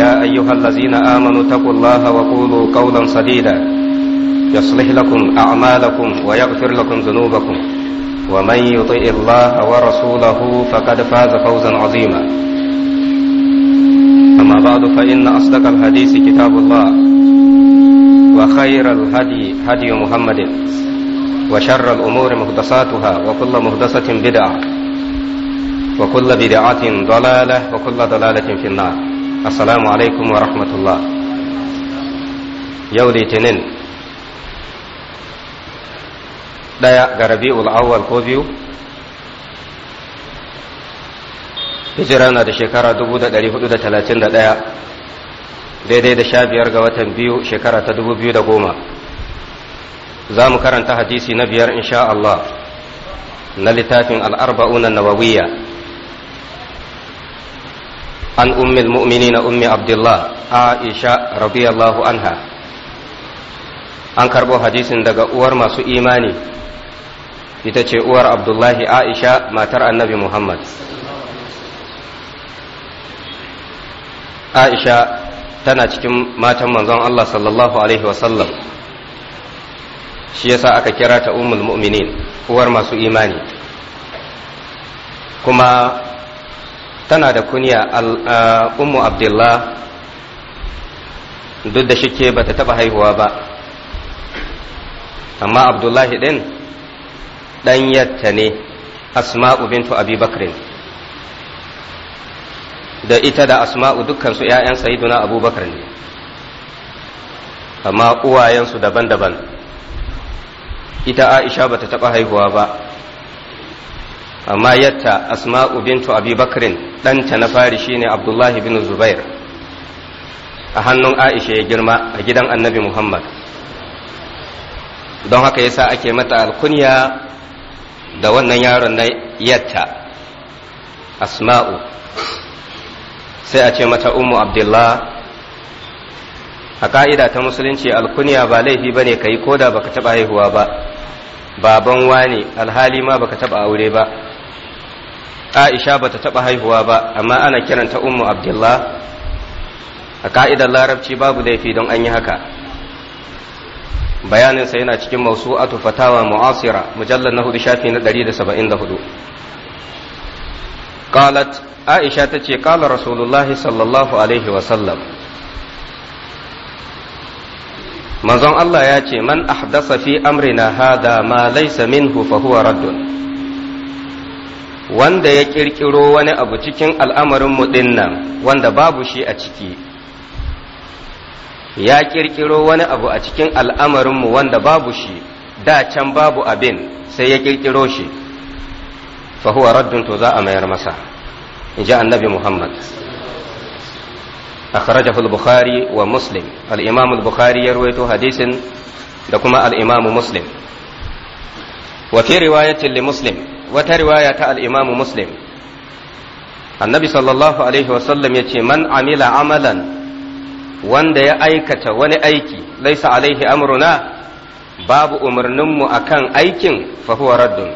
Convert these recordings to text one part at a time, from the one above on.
يا أيها الذين آمنوا اتقوا الله وقولوا قولا سديدا يصلح لكم أعمالكم ويغفر لكم ذنوبكم ومن يطع الله ورسوله فقد فاز فوزا عظيما أما بعد فإن أصدق الحديث كتاب الله وخير الهدي هدي محمد وشر الأمور مهدساتها وكل مهدسة بدعة وكل بدعة ضلالة وكل ضلالة في النار assalamu alaikum wa rahmatullah yau litinin ɗaya ga rabi'ul awwal ko biyu hijira na da shekara ɗaya, daidai da sha biyar ga watan biyu shekara ta 2010 za mu karanta hadisi na biyar insha Allah na littafin al'arba'unan nawawiyya an ummil mu'minina ummi abdullah aisha radiyallahu anha an karbo hadisin daga uwar masu imani ita ce uwar abdullahi aisha matar annabi muhammad aisha tana cikin matan manzon Allah sallallahu alaihi wasallam shi yasa aka kira ta ummul uwar masu imani kuma tana da kunya ummu abdullah duk da ba bata taba haihuwa ba amma abdullahi din ɗanyarta ne asma'u bintu abi da ita da asma'u dukkansu 'ya'yan sayiduna abubakar ne amma uwayensu daban-daban ita aisha bata taɓa haihuwa ba amma yatta asma'u bintu abi bakrin ɗanta na fari shine abdullahi bin zubair a hannun aisha ya girma a gidan annabi muhammad don haka yasa ake mata alkunya da wannan yaron na yatta asma'u sai a ce mata ummu abdullah a ka'ida ta musulunci alkunya ba laifi bane ka yi koda baka taba haihuwa ba baban wani alhali ma baka taɓa aure ba aisha bata taɓa haihuwa ba amma ana kiranta ummu abdullah a ka'idar larabci babu laifi don an yi haka bayaninsa yana cikin mausu'atu fatawa mu'asira mujallar na hudu shafi na 174 qalat aisha ta ce qala rasulullahi sallallahu alaihi wa sallam manzon Allah ya ce man ahdasa fi amrina hada ma laysa minhu fa huwa raddun wanda ya kirkiro wani abu cikin al'amarin mu nan wanda babu shi a ciki ya kirkiro wani abu a cikin al'amarinmu wanda babu shi da can babu abin sai ya kirkiro shi fa raddun to za a mayar masa in ji annabi muhammad أخرجه البخاري ومسلم الإمام البخاري يروي حديث دكما الإمام مسلم وفي رواية لمسلم wata riwaya ta al'imamu muslim annabi sallallahu alaihi wasallam ya ce man amila amalan wanda ya aikata wani aiki laisa alaihi amruna babu umarninmu a kan aikin fahuwa raddun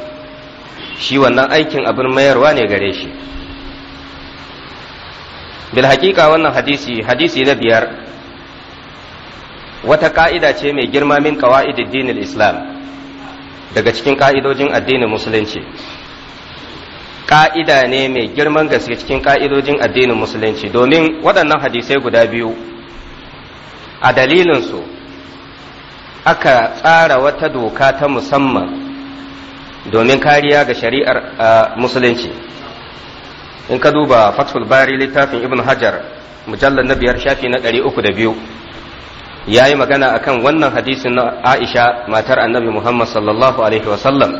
shi wannan aikin abin mayarwa ne gare shi bil haƙiƙa wannan hadisi hadisi na biyar wata ƙa'ida ce mai girma min ƙawa'idin dinil islam daga cikin ƙa'idojin addinin musulunci ƙa'ida ne mai girman gaske cikin ƙa'idojin addinin musulunci domin waɗannan hadisai guda biyu a dalilinsu aka tsara wata doka ta musamman domin kariya ga shari'ar musulunci in ka duba fathul bari littafin ibn hajar mujallar na biyar shafi na ɗari uku da biyu ya yi magana akan wannan hadisin na aisha matar annabi muhammad sallallahu alaihi wasallam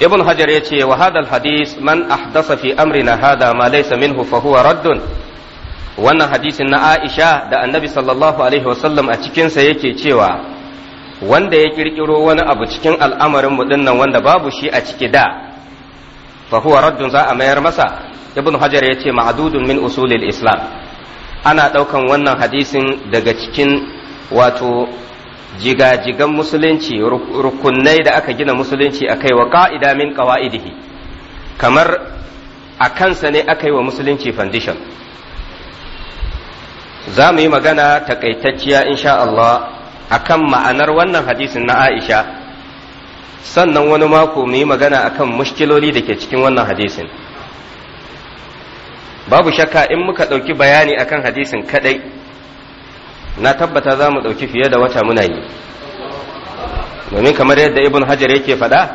ibn hajar ya ce wa hadal hadis man ahdasa fi amrina hada ma laysa minhu fa huwa raddun wannan hadisin na aisha da annabi sallallahu alaihi wasallam a cikinsa yake cewa wanda ya kirkiro wani abu cikin al'amarin mu dinnan wanda babu shi a ciki da fa huwa raddun za a mayar masa ibn hajar ya ce ma'dudun min usulil islam ana ɗaukan wannan hadisin daga cikin wato jigajigan musulunci rukunai da aka gina musulunci a kai wa ƙa'ida min ƙawa'idihi kamar a kansa ne aka yi wa musulunci foundation za mu yi magana takaitacciya insha Allah akan ma'anar wannan hadisin na Aisha sannan wani mako mu yi magana akan mushkiloli da ke cikin wannan hadisin. babu shakka in muka ɗauki bayani akan hadisin kadai na tabbata za mu ɗauki fiye da wata muna yi domin kamar yadda ibn hajar yake faɗa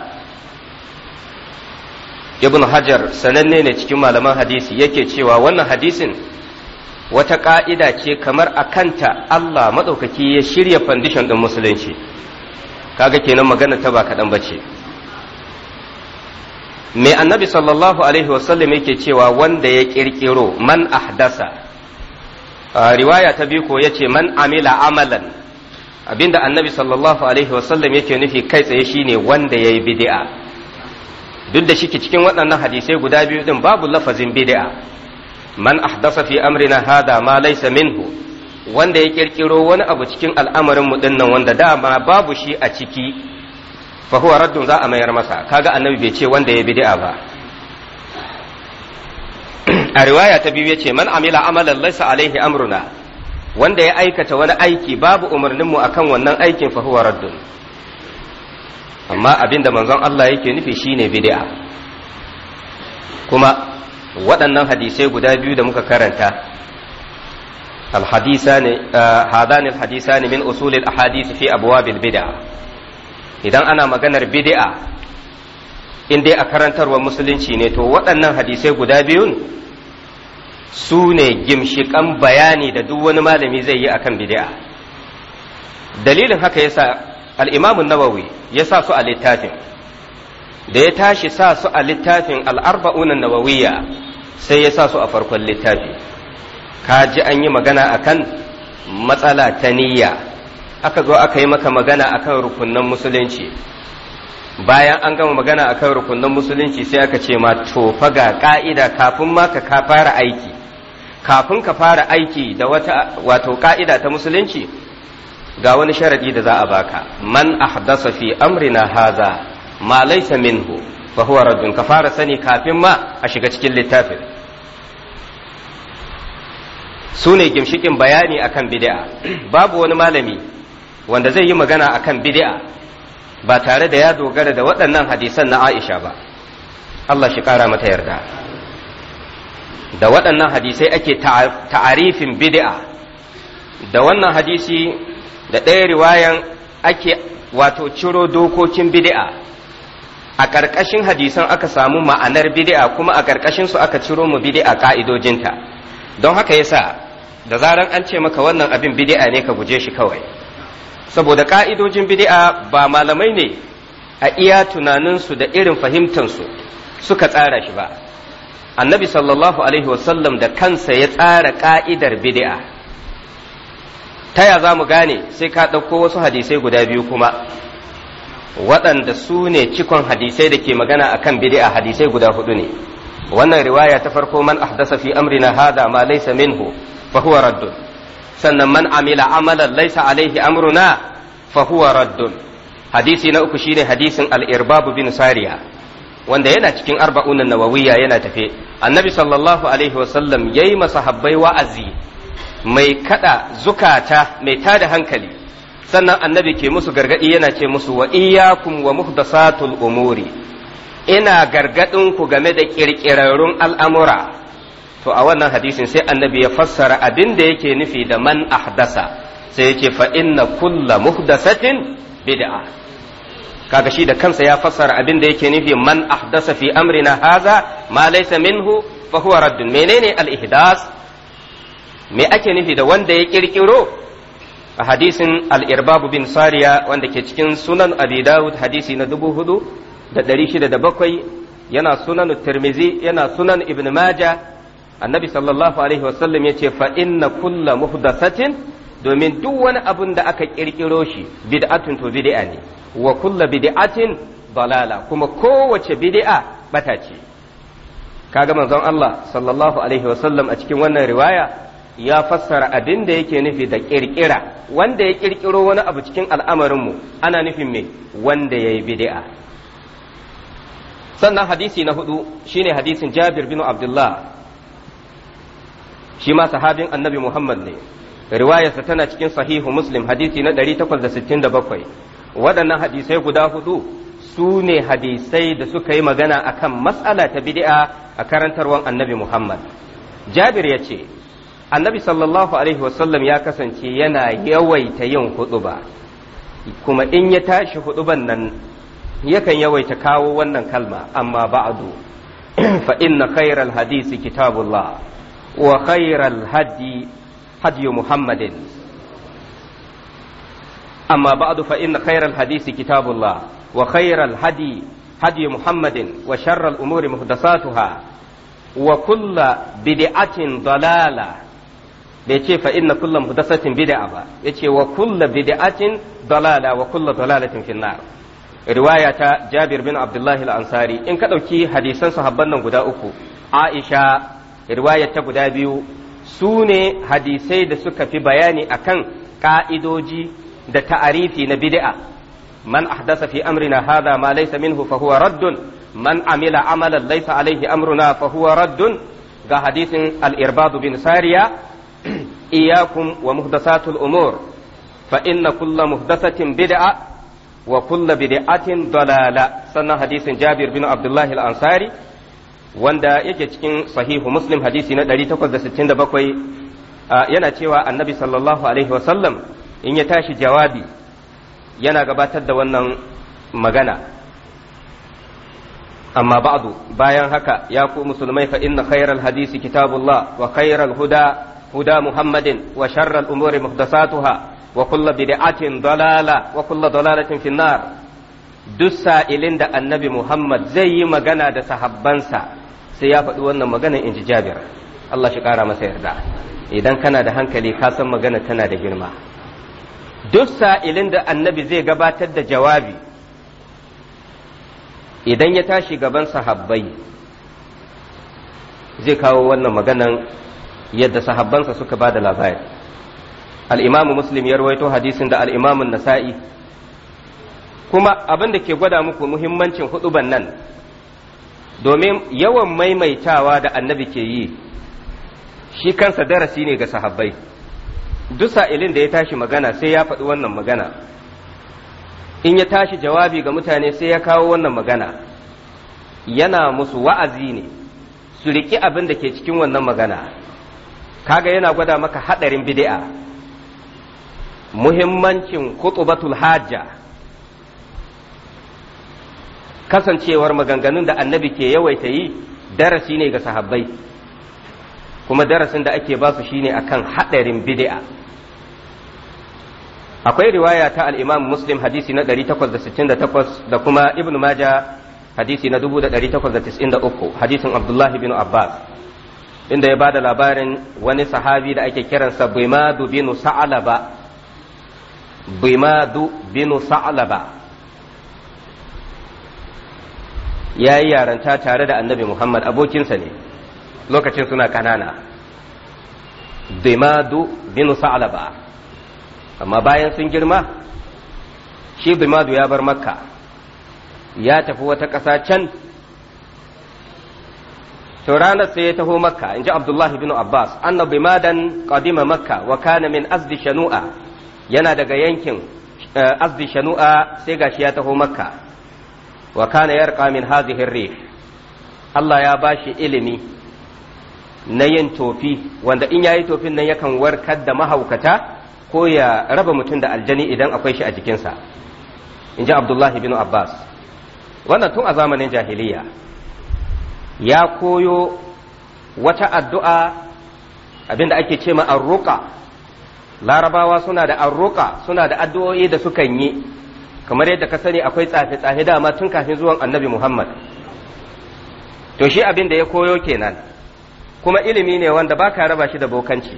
ibn hajar sananne ne cikin malaman hadisi yake cewa wannan hadisin wata ƙa'ida ce kamar a kanta Allah maɗaukaki ya shirya fandishon ɗin musulunci kaga kenan magana ta ba kaɗan ba ce me annabi sallallahu alaihi wasallam yake cewa wanda ya kirkiro man ahdasa riwaya ta biyu ko yace man amila amalan abinda annabi sallallahu alaihi wasallam yake nufi kai tsaye shine wanda yayi bid'a duk da shike cikin waɗannan hadisai guda biyu din babu lafazin bid'a man ahdasa fi amrina hada ma laysa minhu wanda ya kirkiro wani abu cikin al'amarin mu dinnan wanda dama babu shi a ciki fa raddun za a mayar masa kaga annabi bai ce wanda ya bid'a ba a riwaya ta biyu ya ce man amila amalan laysa alaihi amruna wanda ya aikata wani aiki babu umarnin mu kan wannan aikin fa raddun amma abinda manzon Allah yake nufi shine bid'a kuma waɗannan hadisai guda biyu da muka karanta الحديثان آه هذان الحديثان من أصول الأحاديث في أبواب البدع idan ana maganar bid'a in dai a karantarwa musulunci ne to waɗannan hadisai guda biyun su ne gimshiƙan bayani da duk wani malami zai yi akan bid'a dalilin haka yasa al al'imamun nawawi ya sa su a littafin da ya tashi sa su a littafin al-arba'un nawawiyya sai ya sa su a farkon littafi ka ji an yi magana akan matsala ta niyya aka zo aka yi maka magana akan rukunnan musulunci bayan an gama magana akan rukunnan musulunci sai aka ce ma to fa ga ka'ida kafin ma ka fara aiki kafin ka fara aiki da wata wato ka'ida ta musulunci ga wani sharadi da za a baka man ahdasa fi amrina haza ma laysa minhu fa huwa raddun ka fara sani kafin ma a shiga cikin littafin su ne gimshikin bayani akan bid'a babu wani malami wanda zai yi magana a kan bidi'a ba tare da ya dogara da waɗannan hadisan na Aisha ba Allah shi ƙara mata yarda da waɗannan hadisai ake ta'arifin bidi'a da wannan hadisi da ɗaya riwayan ake wato ciro dokokin bid'a a ƙarƙashin hadisan aka samu ma'anar bidi'a kuma a ƙarƙashin su aka ciro mu bidi'a ƙa'idojinta don haka yasa da zaran an ce maka wannan abin bidi'a ne ka guje shi kawai saboda ƙa'idojin bid'a ba malamai ne a iya tunaninsu da irin fahimtansu suka tsara shi ba annabi sallallahu alaihi wasallam da kansa ya tsara ƙa'idar bid'a ta ya za mu gane sai ka ɗauko wasu hadisai guda biyu kuma waɗanda su ne cikon hadisai da ke magana a kan bid'a hadisai guda hudu ne wannan riwaya ta farko man ahdasa fi amrina hada ma laysa minhu fa huwa raddun sannan man amila amalan laisa alaihi amruna fa huwa raddun hadisi na uku shine hadisin al-irbab bin sariya wanda yana cikin arba'un nawawiyya yana tafe annabi sallallahu alaihi wasallam yayi masahabbai wa'azi mai kada zukata mai tada hankali sannan annabi ke musu gargadi yana ce musu wa iyyakum wa muhdasatul umuri ina gargadin ku game da kirkirarrun al'amura to a wannan hadisin sai annabi ya fassara abin da yake nufi da man ahdasa sai yake fa inna kulla muhdasatin bid'a kaga shi da kansa ya fassara abin da yake nufi man ahdasa fi amrina haza ma laysa minhu fa huwa menene al ihdas me ake nufi da wanda ya kirkiro a hadisin al irbab bin sariya wanda ke cikin sunan abi dawud hadisi na dubu hudu da shida da bakwai yana sunan tirmizi yana sunan ibn majah annabi sallallahu alaihi wasallam yace fa inna kulla muhdathatin domin duk wani abun da aka kirkiro shi bid'atun to bid'a ne wa kulla bid'atin dalala kuma kowace bid'a bata ce kaga manzon Allah sallallahu alaihi wasallam a cikin wannan riwaya ya fassara abin da yake nufi da kirkira wanda ya kirkiro wani abu cikin al'amarinmu ana nufin me wanda ya yi bid'a sannan hadisi na hudu shine hadisin jabir bin abdullah shi ma sahabin annabi Muhammad ne riwayarsa tana cikin sahihu Muslim hadisi na 867 waɗannan hadisai guda hudu su ne hadisai da suka yi magana akan matsala ta bid'a a karantarwar annabi Muhammad Jabir ya ce annabi sallallahu alaihi wasallam ya kasance yana yawaita yin huɗuba kuma in ya tashi huɗuban nan yakan yawaita kawo wannan kalma amma ba'du fa inna khairal hadisi kitabullah وخير الهدي هدي محمد أما بعد فإن خير الحديث كتاب الله وخير الهدي هدي محمد وشر الأمور محدثاتها وكل بدعة ضلالة bai ce fa inna kulla muhdasatin bid'a ba yace wa kulla bid'atin dalala wa kulla dalalatin finnar riwaya Jabir bin Abdullahi al-Ansari in ka ɗauki hadisan sahabban nan guda uku Aisha riwaya ta guda biyu su ne hadisai da suka fi bayani akan ka'idoji da ta'arifi na bid'a man ahdasa fi amrina hadha ma laysa minhu fa huwa raddun man amila amalan laysa alayhi amruna fa huwa raddun ga hadisin al-irbad bin sariya iyyakum wa muhdasatul umur fa inna kulla muhdasatin bid'a wa kulla bid'atin dalala sannan hadisin jabir bin abdullah al-ansari wanda yake cikin sahihu muslim hadisi na 867 yana cewa annabi sallallahu alaihi wasallam in ya tashi jawabi yana gabatar da wannan magana amma ba'du bayan haka ya ku musulmai fa inna khairal hadisi kitabullah wa khairal huda huda muhammadin wa sharral umuri muhdasatuha wa kullu bid'atin dalala wa kullu dalalatin finnar duk sa'ilin da annabi muhammad zai yi magana da sahabbansa sai ya faɗi wannan magana in ji jabir Allah shi ƙara masa yarda idan kana da hankali ka san magana tana da girma duk sa'ilin da annabi zai gabatar da jawabi idan ya tashi gaban sahabbai zai kawo wannan maganan yadda sahabbansa suka ba da labari al'imamu muslim ya rawaito hadisin da al'imamun nasa'i kuma abin da ke gwada muku muhimmancin huduban nan domin yawan maimaitawa da annabi ke yi shi kansa darasi ne ga sahabbai duk sa'ilin da ya tashi magana sai ya faɗi wannan magana in ya tashi jawabi ga mutane sai ya kawo wannan magana yana musu wa'azi ne su riƙi abin da ke cikin wannan magana kaga yana gwada maka haɗarin bid'a muhimmancin kutubatul hajja kasancewar maganganun da annabi ke yawaita yi darasi ne ga sahabbai kuma darasin da ake basu shine akan haɗarin bid'a akwai riwaya ta al-Imam Muslim hadisi na 868 da kuma Ibn Majah hadisi na 1893 hadisin Abdullahi bin Abbas inda ya ba da labarin wani sahabi da ake kiransa Bimadu binu Sa'alaba. Bimadu Sa'laba ya yi yaranta tare da annabi muhammad abokinsa ne lokacin suna kanana dimadu bin sa'alaba amma bayan sun girma shi dimadu ya bar makka ya tafi wata ƙasa can to ranar sai ya taho makka in ji abdullahi bin abbas anna bimadan qadima makka wa kana min azdi shanu'a yana daga yankin eh, azdi shanu'a sai gashi ya taho makka wa kana yarqa min hadhihi rih Allah ya bashi ilimi na yin tofi wanda in yayi tofin nan yakan warkar da mahaukata ko ya raba mutum da aljani idan akwai shi a jikinsa Inji ji Abdullahi bin Abbas wannan tun a zamanin jahiliya ya koyo wata addu'a abinda ake ce ma arruka larabawa suna da arruka suna da addu'o'i da sukan yi kamar yadda ka sani akwai tsafe-tsafe dama tun kafin zuwan annabi Muhammad to shi abin da ya koyo kenan kuma ilimi ne wanda ba ka raba shi da bokanci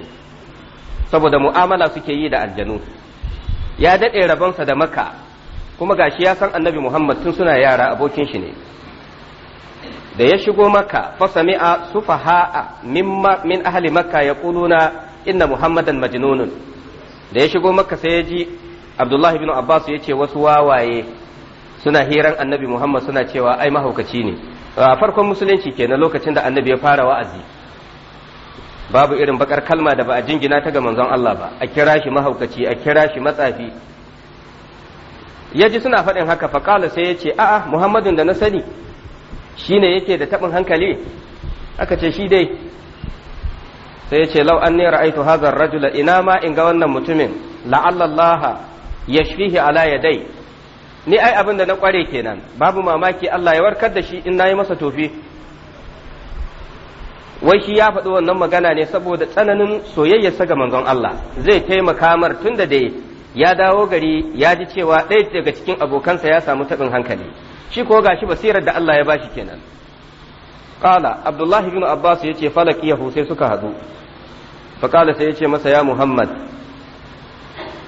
saboda mu'amala suke yi da aljanu ya daɗe rabonsa da makka. kuma gashi ya san annabi Muhammad tun suna yara abokin shi ne da ya shigo maka fasami'a sufaha'a min ahli makka yaquluna inna muhammadan majnunun da ya shigo maka sai ya ji abdullahi bin abbas ya ce wasu wawaye suna hiran annabi muhammad suna cewa ai mahaukaci ne a farkon musulunci ke na lokacin da annabi ya fara wa'azi babu irin bakar kalma da ba a jingina ta ga manzon Allah ba a kira shi mahaukaci a kira shi matsafi ya ji suna faɗin haka faƙala sai ya ce a'a muhammadun da na sani shine yake da taɓin hankali aka ce shi dai sai ya ce lau an ne ra'aitu hazar rajula ina ma in ga wannan mutumin la'allallaha yashfihi ala yadai ni ai abin da na kware kenan babu mamaki Allah ya warkar da shi in nayi masa tofi wai shi ya faɗi wannan magana ne saboda tsananin soyayyarsa ga manzon Allah zai taimaka mar tun da dai ya dawo gari ya ji cewa ɗaya daga cikin abokansa ya samu taɓin hankali shi ko gashi basirar da Allah ya bashi kenan qala abdullahi bin abbas yace falakiyahu sai suka hadu fa qala sai yace masa ya muhammad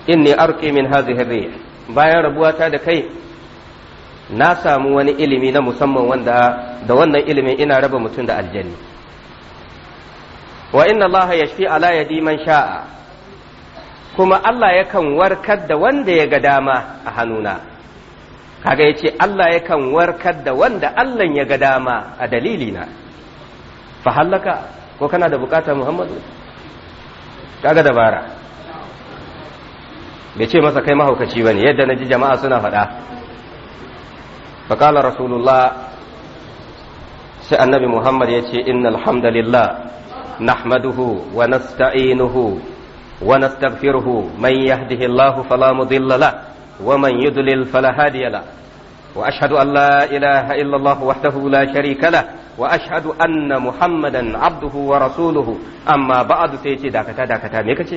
inni arqi min hadhihi riyah bayan rabuwata da kai na samu wani ilimi na musamman wanda da wannan ilimin ina raba mutum da aljanni wa inna allaha yashfi ala yadi man sha'a kuma Allah yakan warkar da wanda ya ga dama a hannuna kaga yace Allah yakan warkar da wanda Allah ya ga dama a dalilina fa hallaka ko kana da bukata Muhammadu kaga dabara bai ce masa kai mahaukaci bane yadda ji jama'a suna faɗa fa qala rasulullah sai annabi muhammad ya ce innal hamdalillah nahmaduhu wa nasta'inuhu wa nastaghfiruhu man yahdihillahu fala mudilla la wa man yudlil fala hadiya la واشهد ان لا اله الا الله وحده لا شريك له واشهد ان wa rasuluhu amma اما sai ce dakata dakata me kace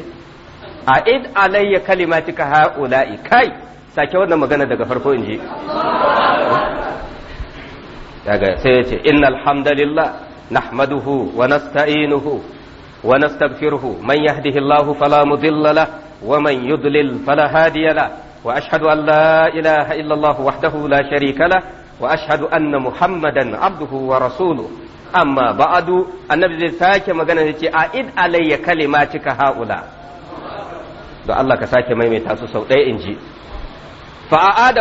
a alayya kalimatika ha'ula'i kai sake wannan magana daga farko in ji daga sai ya ce innal hamdalillah nahmaduhu wa nasta'inuhu wa nastaghfiruhu man yahdihillahu fala mudilla lah wa man yudlil fala hadiya lah wa ashhadu an la ilaha illa wahdahu la sharika la. wa ashhadu anna muhammadan abduhu wa rasuluhu amma ba'adu annabi zai sake magana ya ce a alayya kalimatika ha'ula' don Allah ka sake maimaita su sau ɗaya in ji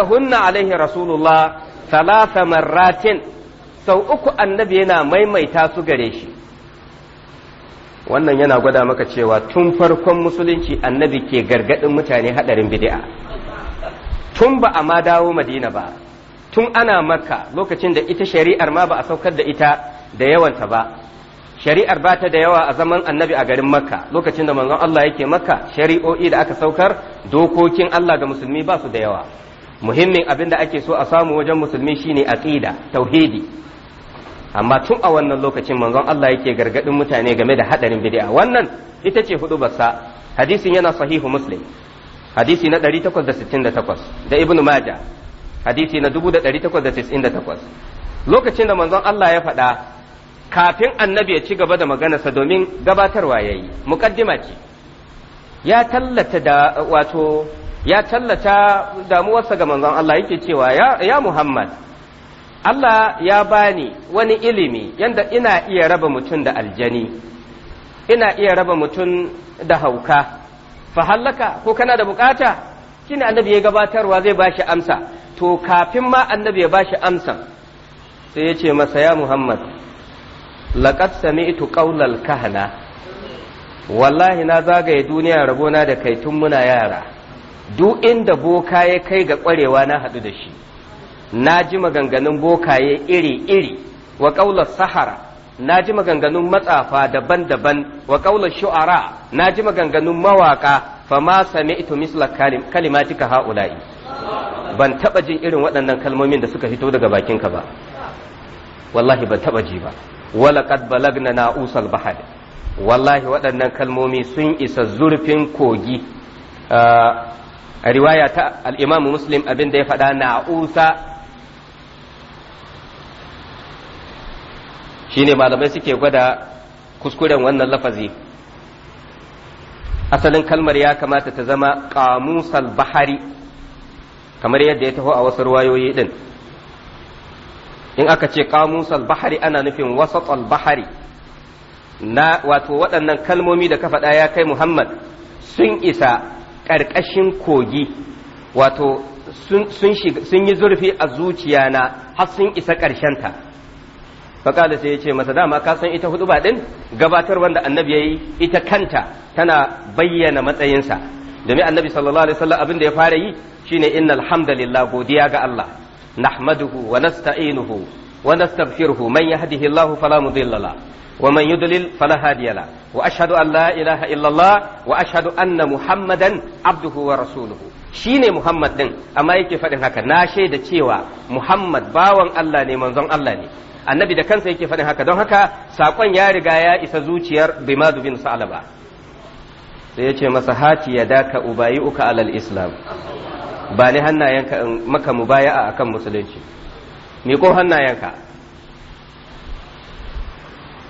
hunna alaihi rasulullah salasa marratin sau uku annabi yana maimaita su gare shi wannan yana gwada maka cewa tun farkon musulunci annabi ke gargaɗin mutane haɗarin bidi'a tun ba a ma dawo madina ba tun ana maka lokacin da ita shari'ar ma ba a saukar da ita da yawanta ba shari'ar ba ta da yawa a zaman annabi a garin makka lokacin da manzon Allah yake makka shari'o'i da aka saukar dokokin Allah ga musulmi ba su da yawa muhimmin abin da ake so a samu wajen musulmi shine aqida tauhidi amma tun a wannan lokacin manzon Allah yake gargadin mutane game da hadarin bid'a wannan ita ce hudubarsa hadisin yana sahihu muslim hadisi na 868 da ibnu majah hadisi na 1898 lokacin da manzon Allah ya faɗa kafin annabi ya ci gaba da maganarsa domin gabatarwa ya yi muƙaddima ce ya tallata da wato ya tallata damuwarsa ga manzon Allah yake cewa ya Muhammad Allah ya bani wani ilimi yanda ina iya raba mutum da aljani ina iya raba mutum da hauka fa ko kana da bukata shine annabi ya gabatarwa zai bashi amsa to kafin ma annabi ya bashi amsa sai ya ce masa ya Muhammad laqad sami'tu ƙaunar kahana wallahi na zagaye duniya rabona da kai tun muna yara duk inda boka ya kai ga ƙwarewa na haɗu da shi na ji maganganun bokaye iri-iri wa ƙaunar sahara na ji maganganun matsafa daban-daban wa ƙaunar shu'ara na ji maganganun mawaƙa fa ma sami'tu misla kalimatika ha'ula'i ban taɓa jin irin waɗannan kalmomin da suka fito daga bakinka ba wallahi ban taba ji ba walaƙad balagna na usal bahar wallahi waɗannan kalmomi sun isa zurfin kogi ah, a riwaya ta al'imamu muslim abin da ya faɗa na'usa shine malamai suke gwada kuskuren wannan lafazi asalin kalmar ya kamata ta zama ƙamusal bahari kamar yadda ya taho a wasu ruwayoyi din in aka ce kamusal bahari ana nufin wasatsal bahari na wato waɗannan kalmomi da ka faɗa ya kai muhammad sun isa ƙarƙashin kogi wato sun yi zurfi a zuciya na har sun isa ƙarshenta faƙala sai ya ce masa dama ka san ita hudu ɗin gabatar wanda annabi ya yi ita kanta tana bayyana matsayinsa domin annabi sallallahu alaihi wasallam abin da ya fara yi shine innal hamdalillah godiya ga Allah نحمده ونستعينه ونستغفره من يهده الله فلا مضل له ومن يضلل فلا هادي له واشهد ان لا اله الا الله واشهد ان محمدا عبده ورسوله ne Muhammad ɗin amma yake faɗin haka na shaida cewa Muhammad bawan Allah ne manzon Allah ne annabi da kansa yake faɗin haka don haka saƙon ya riga ya isa zuciyar Bimadu bin Sa'laba sai ya ce masa hati ya daka ubayi uka alal islam ba ni hannayenka in maka mubaya'a akan musulunci ko hannayenka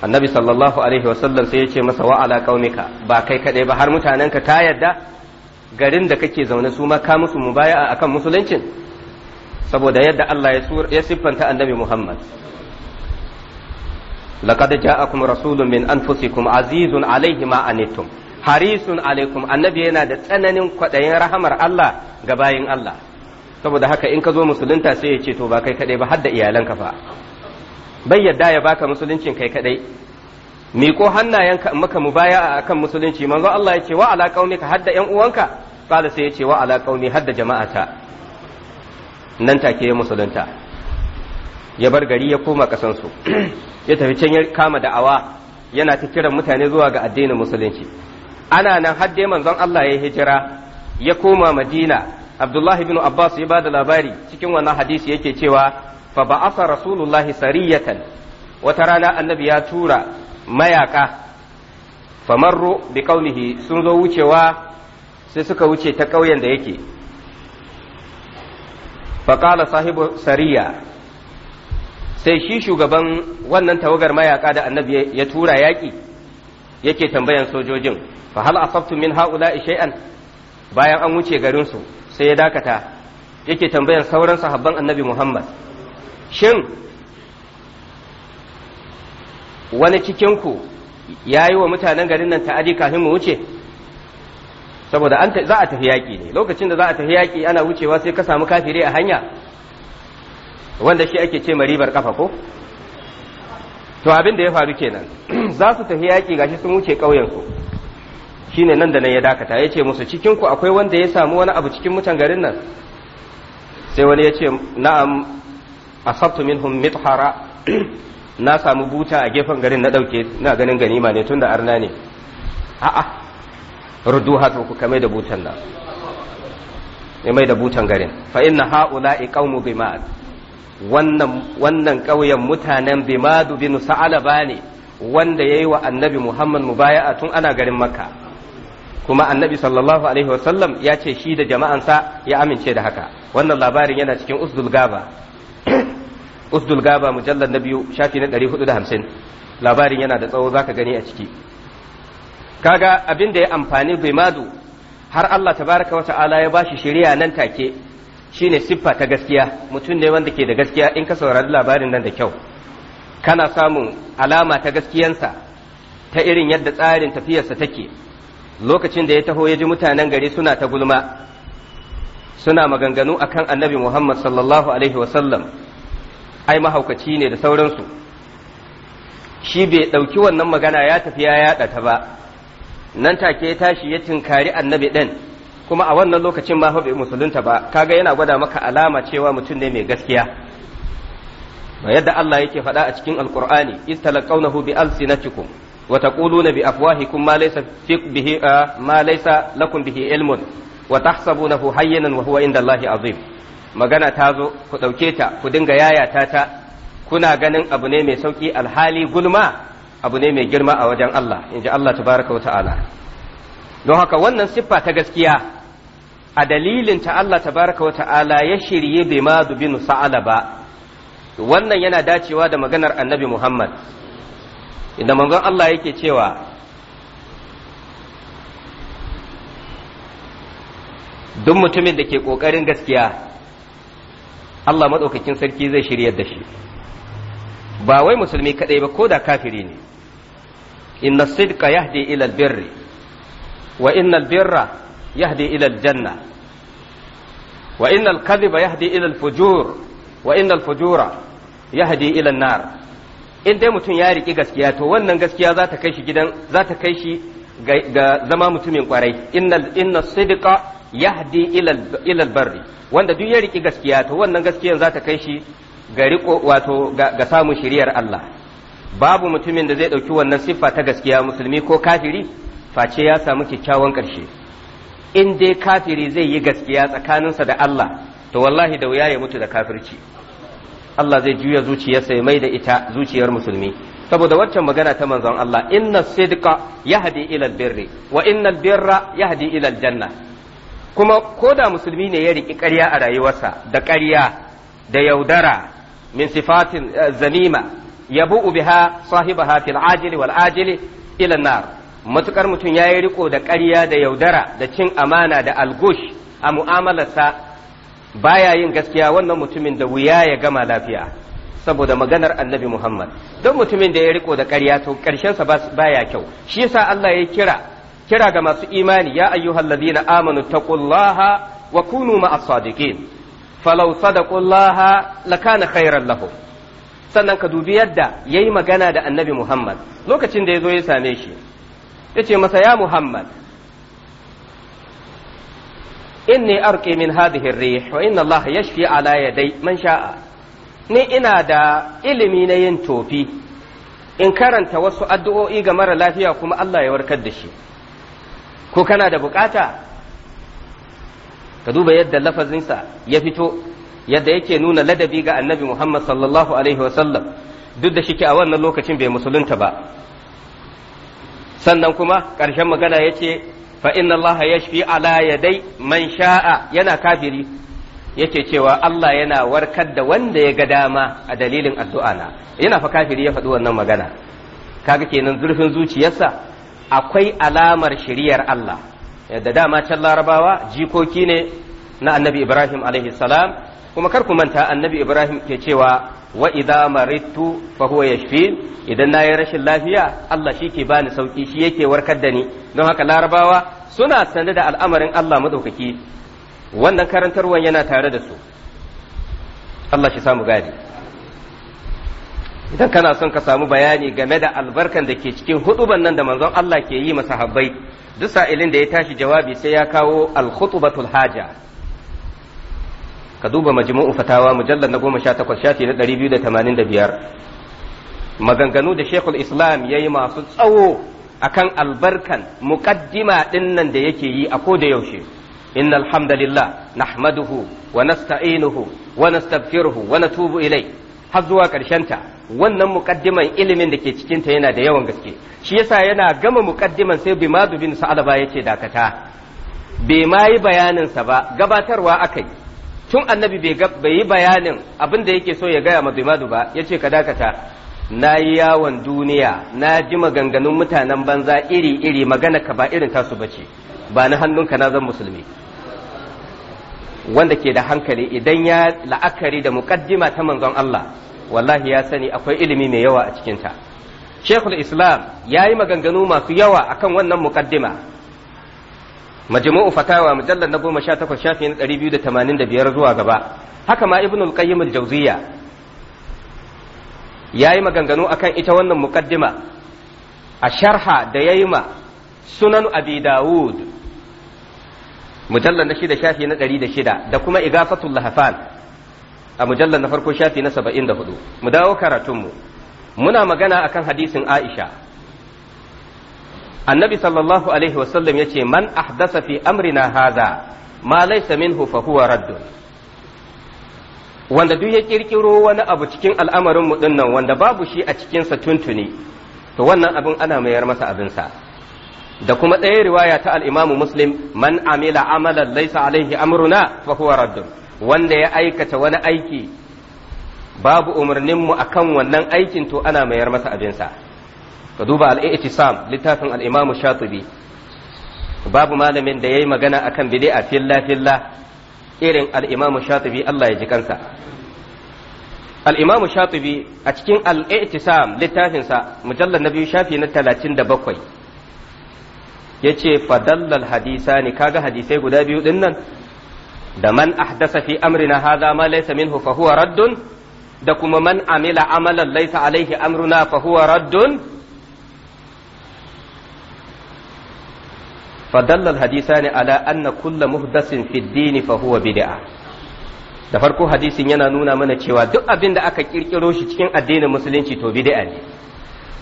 annabi sallallahu alaihi wasallam sai ya ce masa wa ala qaumika ba kai kadai ba har mutanenka ka yadda garin da kake zaune su ma ka musu mubaya'a akan musuluncin saboda yadda Allah ya siffanta annabi Muhammad laqad ja'akum rasulun min anfusikum azizun alaihi ma anittum harisun alaikum annabi yana da tsananin kwaɗayin rahamar Allah ga bayin Allah saboda haka in ka zo musulunta sai ya ce to ba kai kadai ba har da iyalanka fa bai yadda ya baka musuluncin kai kadai ko hannayenka maka baya akan musulunci manzo Allah ya ce wa ala ka har da ƴan uwanka qala sai ya ce wa ala qaumi har da jama'ata nan take ya musulunta ya bar gari ya koma su ya tafi can ya kama da'awa yana ta kiran mutane zuwa ga addinin musulunci ana nan har dai manzon Allah ya hijira ya koma madina abdullahi bin abbas ya bada labari cikin wannan hadisi yake cewa fa ba'asa rasulullahi sariyatan wata rana annabi ya tura mayaka famarru bi kaunihi sun zo wucewa sai suka wuce ta ƙauyen da yake faƙala sahibu sariya sai shi shugaban wannan tawagar mayaka da annabi ya tura yaƙi yake tambayan sojojin fa hal asabtu min ha'ula'i shay'an bayan an wuce garinsu sai ya dakata yake tambayar sauran sahabban annabi muhammad shin wani cikinku ya yi wa mutanen garin nan ta'adi kafin mu wuce saboda za a tafi yaƙi ne lokacin da za a tafi yaƙi ana wucewa sai ka samu kafiri a hanya wanda shi ake ce maribar kafa ko to abin da ya faru kenan za su tafi yaƙi gashi sun wuce ƙauyensu shine nan da nan ya dakata ya ce musu cikin ku akwai wanda ya samu wani abu cikin mutan garin nan sai wani ya ce na'am asabtu minhum mithara na samu buta a gefen garin na dauke na ganin ganima ne tunda arna ne a'a rudu hatu ku kame da butan nan ne mai da butan garin fa inna haula'i qaumu bimad wannan wannan ƙauyen mutanen bimadu bin sa'alaba ne wanda yayi wa annabi Muhammad mubaya'a tun ana garin Makka kuma annabi sallallahu alaihi wasallam ya ce shi da jama'ansa ya amince da haka wannan labarin yana cikin usdul gaba usdul gaba mujallar na biyu shafi na 450 labarin yana da tsawo zaka gani a ciki kaga abin da ya amfani bai madu har Allah tabaraka wa ta'ala ya bashi shari'a nan take shine siffa ta gaskiya mutum ne wanda ke da gaskiya in ka saurari labarin nan da kyau kana samun alama ta gaskiyansa ta irin yadda tsarin tafiyarsa take lokacin da ya taho ya ji mutanen gari suna ta gulma suna maganganu a kan annabi Muhammad sallallahu alaihi wasallam ai mahaukaci ne da sauransu shi bai ɗauki wannan magana ya tafi ya yaɗa ta ba nan take ya tashi ya tinkari annabi ɗin kuma a wannan lokacin ma bai musulunta ba kaga yana gwada maka alama cewa mutum ne mai gaskiya yadda Allah yake faɗa a cikin alƙur'ani istalaqawnahu bi alsinatikum wa taquluna bi afwahikum ma laysa bihi ma laysa lakum bihi ilmun wa tahsabunahu hayyinan wa huwa magana ta zo ku ɗauke ta ku dinga yayata ta kuna ganin abu ne mai sauƙi alhali gulma abu ne mai girma a wajen Allah ji Allah tabaraka wa ta'ala don haka wannan siffa ta gaskiya a dalilin ta Allah tabaraka wa ta'ala ya shirye bai ma dubinu sa'ala ba wannan yana dacewa da maganar annabi Muhammad inda manzon Allah yake cewa duk mutumin da ke ƙoƙarin gaskiya Allah maɗaukakin sarki zai shiryar da shi ba wai musulmi kaɗai ba ko da kafiri ne inna sidqa yahdi ila albirri wa inna albirra yahdi ila aljanna wa inna alkadhiba yahdi ila alfujur wa inna alfujura yahdi ila an-nar in dai mutum ya riƙi gaskiya to wannan gaskiya za ta kai shi gidan za ta kai shi ga zama mutumin kwarai inna sidqa yahdi ila barri wanda duk ya riƙi gaskiya to wannan gaskiyan za ta kai shi ga riko wato ga samun shiriyar Allah babu mutumin da zai ɗauki wannan siffa ta gaskiya musulmi ko kafiri face ya samu kyakkyawan ƙarshe in dai kafiri zai yi gaskiya tsakaninsa da Allah to wallahi da wuya ya mutu da kafirci Allah zai juya zuciyarsa ya mai da ita zuciyar musulmi saboda waccan magana ta manzon Allah inna sidqa yahdi ila albirri wa inna birra yahdi ila aljanna kuma koda musulmi ne ya riki ƙarya a rayuwarsa da ƙarya da yaudara min sifatin eh, zamima yabu'u biha sahibaha fil ajili wal ajili ila nar matukar mutum yayi riko da ƙarya da yaudara da cin amana da algush a mu'amalarsa baya yin gaskiya wannan mutumin da wuya ya gama lafiya saboda maganar annabi Muhammad don mutumin da ya riko da ƙarya to ƙarshensa baya kyau shi yasa Allah ya kira kira ga masu imani ya ayyuhal ladina amanu taqullaha wa kunu ma'as sadiqin falau sadaqullaha lakana khairan lahum sannan ka dubi yadda yayi magana da annabi Muhammad lokacin da ya zo ya same shi yace masa ya Muhammad inni arqi min hadhihi ar-rih wa inna Allah yashfi ala yaday man sha'a ni ina da ilimi na yin tofi in karanta wasu addu'o'i ga mara lafiya kuma Allah ya warkar da shi ko kana da bukata ka duba yadda lafazinsa ya fito yadda yake nuna ladabi ga annabi Muhammad sallallahu alaihi wa sallam, duk da shike a wannan lokacin bai musulunta ba sannan kuma ƙarshen magana ya ce fa inna allaha yashfi ala dai man sha'a yana kafiri yake cewa Allah yana warkar da wanda ya ga dama a dalilin addu'a na yana fa kafiri ya faɗi wannan magana kaga kenan zurfin zuciyarsa akwai alamar shiriyar Allah yadda dama can larabawa jikoki ne na annabi Ibrahim alaihi salam kuma kar ku manta annabi Ibrahim ke cewa wa idza maridtu fa huwa yashfi idan nayi rashin lafiya Allah shi ke bani sauki shi yake warkar da ni don haka larabawa suna sanda da al'amarin Allah madaukaki wannan karantarwan yana tare da su Allah shi samu gadi idan kana son ka samu bayani game da albarkan da ke cikin huɗuban nan da manzon Allah ke yi masa habbai duk sa'ilin da ya tashi jawabi sai ya kawo al-khutbatul haja ka duba majmu'u fatawa mujallad na goma sha takwas shafi na ɗari biyu da tamanin da biyar maganganu da shekul islam ya yi masu tsawo akan albarkan muqaddima ɗin nan da yake yi a ko da yaushe innal hamdalillah nahmaduhu wa nasta'inuhu wa nastaghfiruhu wa natubu ilai har zuwa ƙarshen ta wannan muqaddiman ilimin da ke cikin ta yana da yawan gaske shi yasa yana gama muqaddiman sai bimadu bin sa'alaba yace dakata bai ma yi bayanin sa ba gabatarwa akai tun annabi bai yi bayanin abin da yake so ya gaya ma bimadu ba ya ce ka dakata na yi yawon duniya na ji maganganun mutanen banza iri-iri magana ka ba irin tasu ce ba na hannunka na zan musulmi wanda ke da hankali idan ya la'akari da muƙaddima ta manzon Allah wallahi ya sani akwai ilimi mai yawa a cikinta shekul islam ya yi maganganu masu yawa akan wannan muƙaddima majmu'u fatawa mujallad na goma sha takwas shafi na ɗari biyu da tamanin da biyar zuwa gaba haka ma ibn al-qayyim al-jawziya ya yi maganganu akan ita wannan muqaddima a sharha da ya ma sunan abi dawud mujallad na shida shafi na ɗari da shida da kuma igafatul lahafan a mujallad na farko shafi na saba'in da hudu mu dawo karatunmu muna magana akan hadisin aisha annabi sallallahu alaihi wasallam ya ce man ahdasa fi amrina haza ma laysa minhu fa huwa raddun wanda duk ya kirkiro wani abu cikin al'amarin mu dinnan wanda babu shi a cikin sa tuntuni to wannan abin ana mayar masa abinsa da kuma ɗaya riwaya ta al-Imam Muslim man amila amalan laisa alaihi amruna fa huwa raddun wanda ya aikata wani aiki babu mu akan wannan aikin to ana mayar masa abinsa ka duba al littafin al shatibi babu malamin da ya yi magana akan a filla filla irin al shatibi Allah ya ji kansa al shatibi a cikin al-i'tisam littafin sa mujallal nabi shafi na ce yace hadisa ne kaga hadisai guda biyu dinnan da man ahdasa fi amrina hadha ma laysa minhu fa huwa raddun da kuma man amila amalan laysa alaihi amruna fa huwa raddun fadallal hadisani ala anna kulla muhdasin fi dini fa huwa bid'a da farko hadisin yana nuna mana cewa duk abin da aka kirkiro shi cikin addinin musulunci to bid'a ne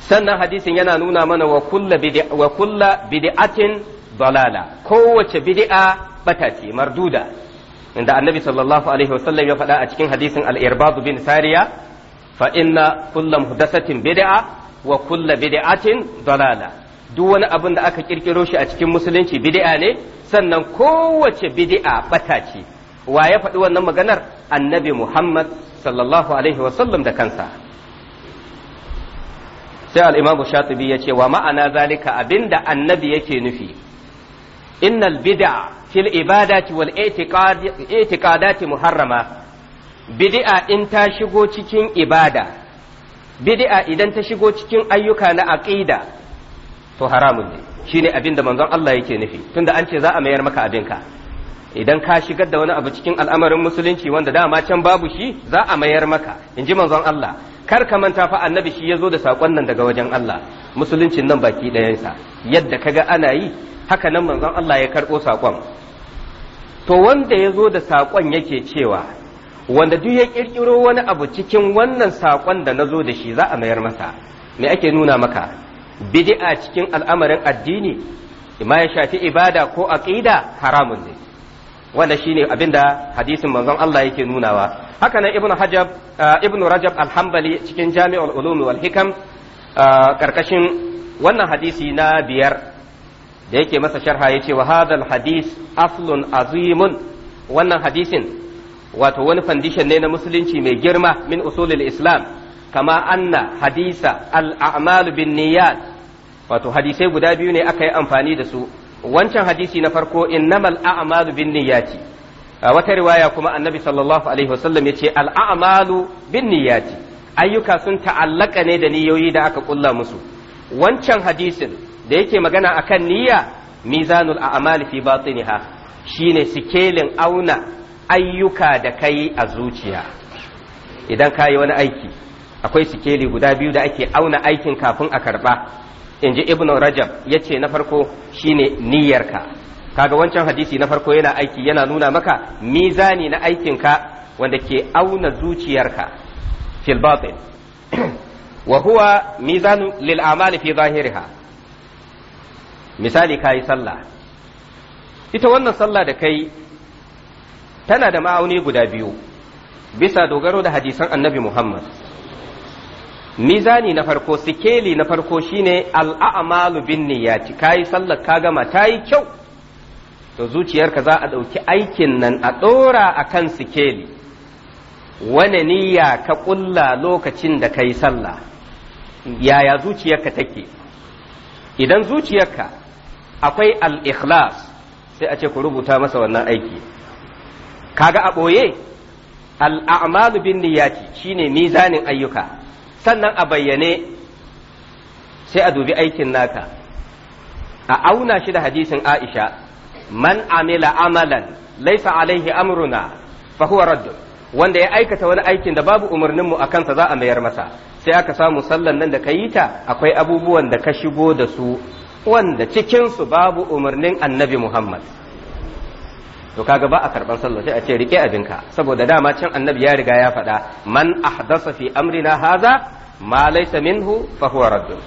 sannan hadisin yana nuna mana wa kulla bid'a wa kulla bid'atin dalala kowace bid'a bata ce marduda inda annabi sallallahu alaihi wasallam ya faɗa a cikin hadisin al-irbad bin sariya fa inna kullu muhdathatin bid'a wa kulla bid'atin dalala duk wani abin da aka kirkiro shi a cikin musulunci bid'a ne sannan kowace bid'a bata ce wa ya faɗi wannan maganar annabi Muhammad sallallahu alaihi wasallam da kansa sai al shatibi ya ce wa ma'ana zalika abinda annabi yake nufi innal bid'a fil ibadati wal i'tiqadati muharrama bid'a in ta shigo cikin ibada bid'a idan ta shigo cikin ayyuka na aqida to haramun ne shine abin da manzon Allah yake nufi tunda an ce za a mayar maka abinka idan ka shigar da wani abu cikin al'amarin musulunci wanda dama can babu shi za a mayar maka in ji manzon Allah kar ka manta fa annabi shi ya zo da saƙon nan daga wajen Allah musuluncin nan baki ɗayansa yadda ka ga ana yi haka nan manzon Allah ya karɓo sakon to wanda ya zo da sakon yake cewa wanda duk ya ƙirƙiro wani abu cikin wannan sakon da na zo da shi za a mayar masa me ake nuna maka bid'a cikin al'amarin addini ma ya shafi ibada ko aqida haramun ne wanda shine abinda hadisin manzon Allah yake nunawa haka nan ibnu hajab uh, ibnu rajab al-hanbali cikin jami'ul ulum wal hikam uh, karkashin wannan hadisi na biyar da yake masa sharha yace wa hadal hadis aslun azimun wannan hadisin wato wani fandishan ne na musulunci mai girma min usulil islam kama anna hadisa al'amalu bin wato hadisai guda biyu ne aka yi amfani da su wancan hadisi na farko innamal a'malu bin niyyati a wata riwaya kuma annabi sallallahu alaihi wasallam ya ce al'amalu bin niyyati ayyuka sun ta'allaka ne da niyoyi da aka kulla musu wancan hadisin da yake magana akan niyya mizanul a'mali fi batiniha shine sikelin auna ayyuka da kai a zuciya idan ka yi wani aiki akwai sikeli guda biyu da ake auna aikin kafin a karba in ji ibn rajab ya ce na farko shine niyyarka kaga wancan hadisi na farko yana aiki yana nuna maka mizani na aikinka wanda ke auna zuciyarka fil batin wa huwa mizanu lil amali fi zahiriha misali kayi sallah ita wannan sallah da kai tana da ma'auni guda biyu bisa dogaro da hadisan annabi muhammad mizani na farko sikeli na farko shine al'amalu bin niyyati kayi sallar ka gama tayi kyau to zuciyarka za a ɗauki aikin nan a ɗora a kan sikeli wane niyya ka ƙulla lokacin da ka yi sallah yaya zuciyarka take idan zuciyarka akwai al-ikhlas sai a ce ku rubuta masa wannan aiki kaga a ɓoye al'amalu bin niyyati shine mizanin ayyuka sannan a bayyane sai a dubi aikin naka a auna shi da hadisin aisha man amila amalan laisa alaihi amruna fa huwa raddun wanda ya aikata wani aikin da babu umarninmu a kansa za a mayar masa sai aka samu sallan nan da ka yi ta akwai abubuwan da ka shigo da su wanda cikinsu babu umarnin annabi muhammad to kaga ba a karɓar sallah sai a ce rike abinka saboda dama can annabi ya riga ya faɗa man ahdasa fi amrina haza ma laysa minhu fa huwa raddun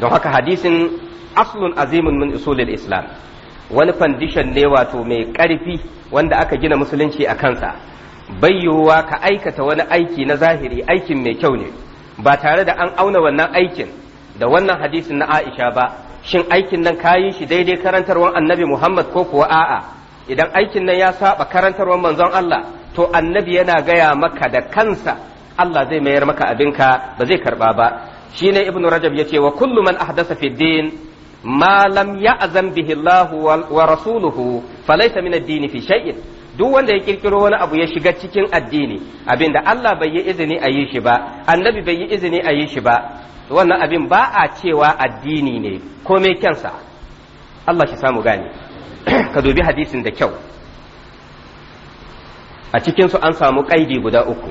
don haka hadisin aslun azimun min usulil islam wani condition ne wato mai ƙarfi wanda aka gina musulunci a kansa bayyowa ka aikata wani aiki na zahiri aikin mai kyau ne ba tare da an auna wannan aikin da wannan hadisin na Aisha ba shin aikin nan kayi shi daidai karantarwar annabi Muhammad ko kuwa a'a idan aikin nan ya saba karantarwar manzon Allah to annabi yana gaya maka da kansa Allah zai mayar maka abinka ba zai karba ba shine ibnu rajab yace wa kullu man ahdasa fi din ma lam ya'zan bihi Allah wa rasuluhu falaysa min ad-din fi shay'in duk wanda ya kirkiro wani abu ya shiga cikin addini abinda Allah bai yi izini a yi shi ba annabi bai yi izini a yi shi ba wannan abin ba a cewa addini ne komai kyansa Allah shi samu gane ka dubi hadisin da kyau a cikinsu an samu ƙaidi guda uku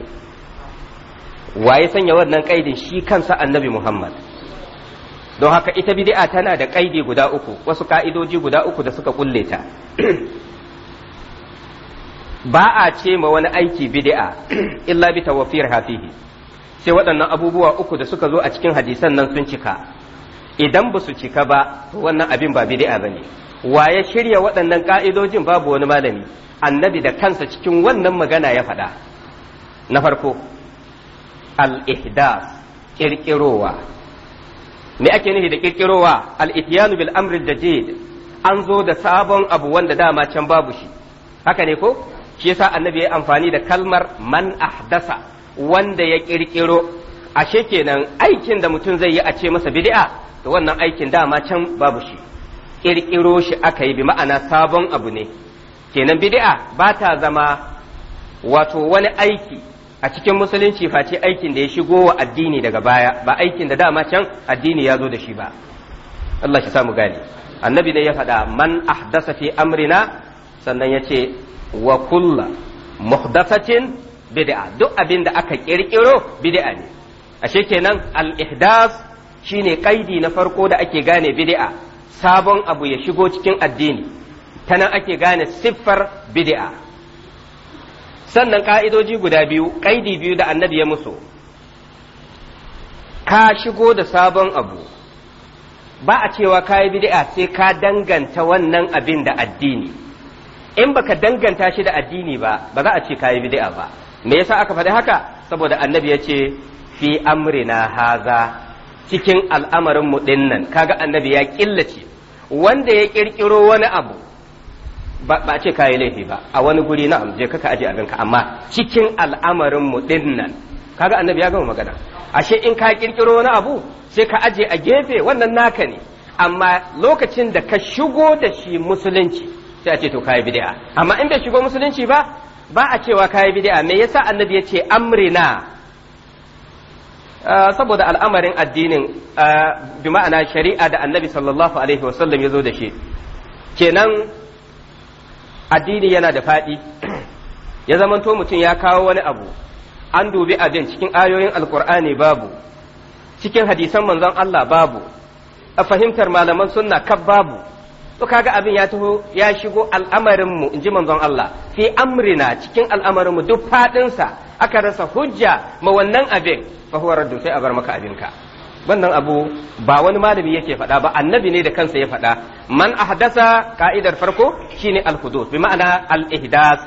waye sanya wannan ƙaidin shi kansa annabi muhammad don haka ita bid'a tana da ƙaidi guda uku wasu ka'idoji guda uku da suka kulle ta ba a ce ma wani aiki bid'a illa bi tawaffir hafihi sai waɗannan abubuwa uku da suka zo a cikin hadisan nan sun cika idan ba su cika ba wannan abin ba bid'a bane wa ya shirya waɗannan ƙa'idojin babu wani malami annabi da kansa cikin wannan magana ya faɗa na farko al’ihdas ƙirƙirowa me ake nufi da ƙirƙirowa al bil amri jadid an zo da sabon abu wanda dama can babu shi haka ne ko shi yasa annabi ya amfani da kalmar man ahdasa wanda ya ƙirƙiro ashe kenan aikin da mutum zai yi a ce masa bid'a to wannan aikin dama can babu shi Ƙirƙiro shi aka yi bi ma'ana sabon abu ne kenan bid'a ba ta zama wato wani aiki a cikin musulunci face aikin da ya shigo wa addini daga baya ba aikin da dama can addini ya zo da shi ba Allah shi samu gane annabi ne ya faɗa man ahdasa fi amrina sannan ya ce wa kulla muhdasatin bid'a duk abin da aka ƙirƙiro bid'a ne ashe kenan al ihdas shine kaidi na farko da ake gane bid'a sabon abu ya shigo cikin addini ta nan ake gane siffar bid'a sannan ka'idoji guda biyu ƙaidi biyu da annabi ya musu ka shigo da sabon abu ba a cewa ka yi bid'a sai ka danganta wannan abin da addini in baka danganta shi da addini ba ba za a ce ka yi bid'a ba me yasa aka faɗi haka saboda annabi ya ce fi amrina haza cikin al'amarinmu ɗin nan kaga annabi ya killace wanda ya kirkiro wani abu ba ce kayi laifi ba a wani guri na je kaka aje abinka amma cikin al'amarin mu din nan kaga annabi ya gama magana ashe in ka kirkiro wani abu sai ka aje a gefe wannan naka ne amma lokacin da ka shigo da shi musulunci sai a ce to kayi bid'a amma in bai shigo musulunci ba ba a cewa kayi bid'a me yasa annabi ya ce amrina Eh, saboda al'amarin addinin eh, bi ma'ana shari'a da annabi sallallahu alaihi wasallam ya zo da shi kenan addini yana da faɗi ya zamanto mutum ya kawo wani abu an dubi abin cikin ayoyin alkur'ani babu cikin hadisan manzon Allah babu a fahimtar malaman sunna kab babu to kaga abin ya taho ya shigo al'amarin mu inji manzon Allah fi amrina cikin al'amarin mu duk fadin sa aka rasa hujja ma wannan abin fa huwa raddu sai a bar maka abinka wannan abu ba wani malami yake faɗa ba annabi ne da kansa ya faɗa man ahdasa ka'idar farko shine al-huduth bi ma'ana al-ihdas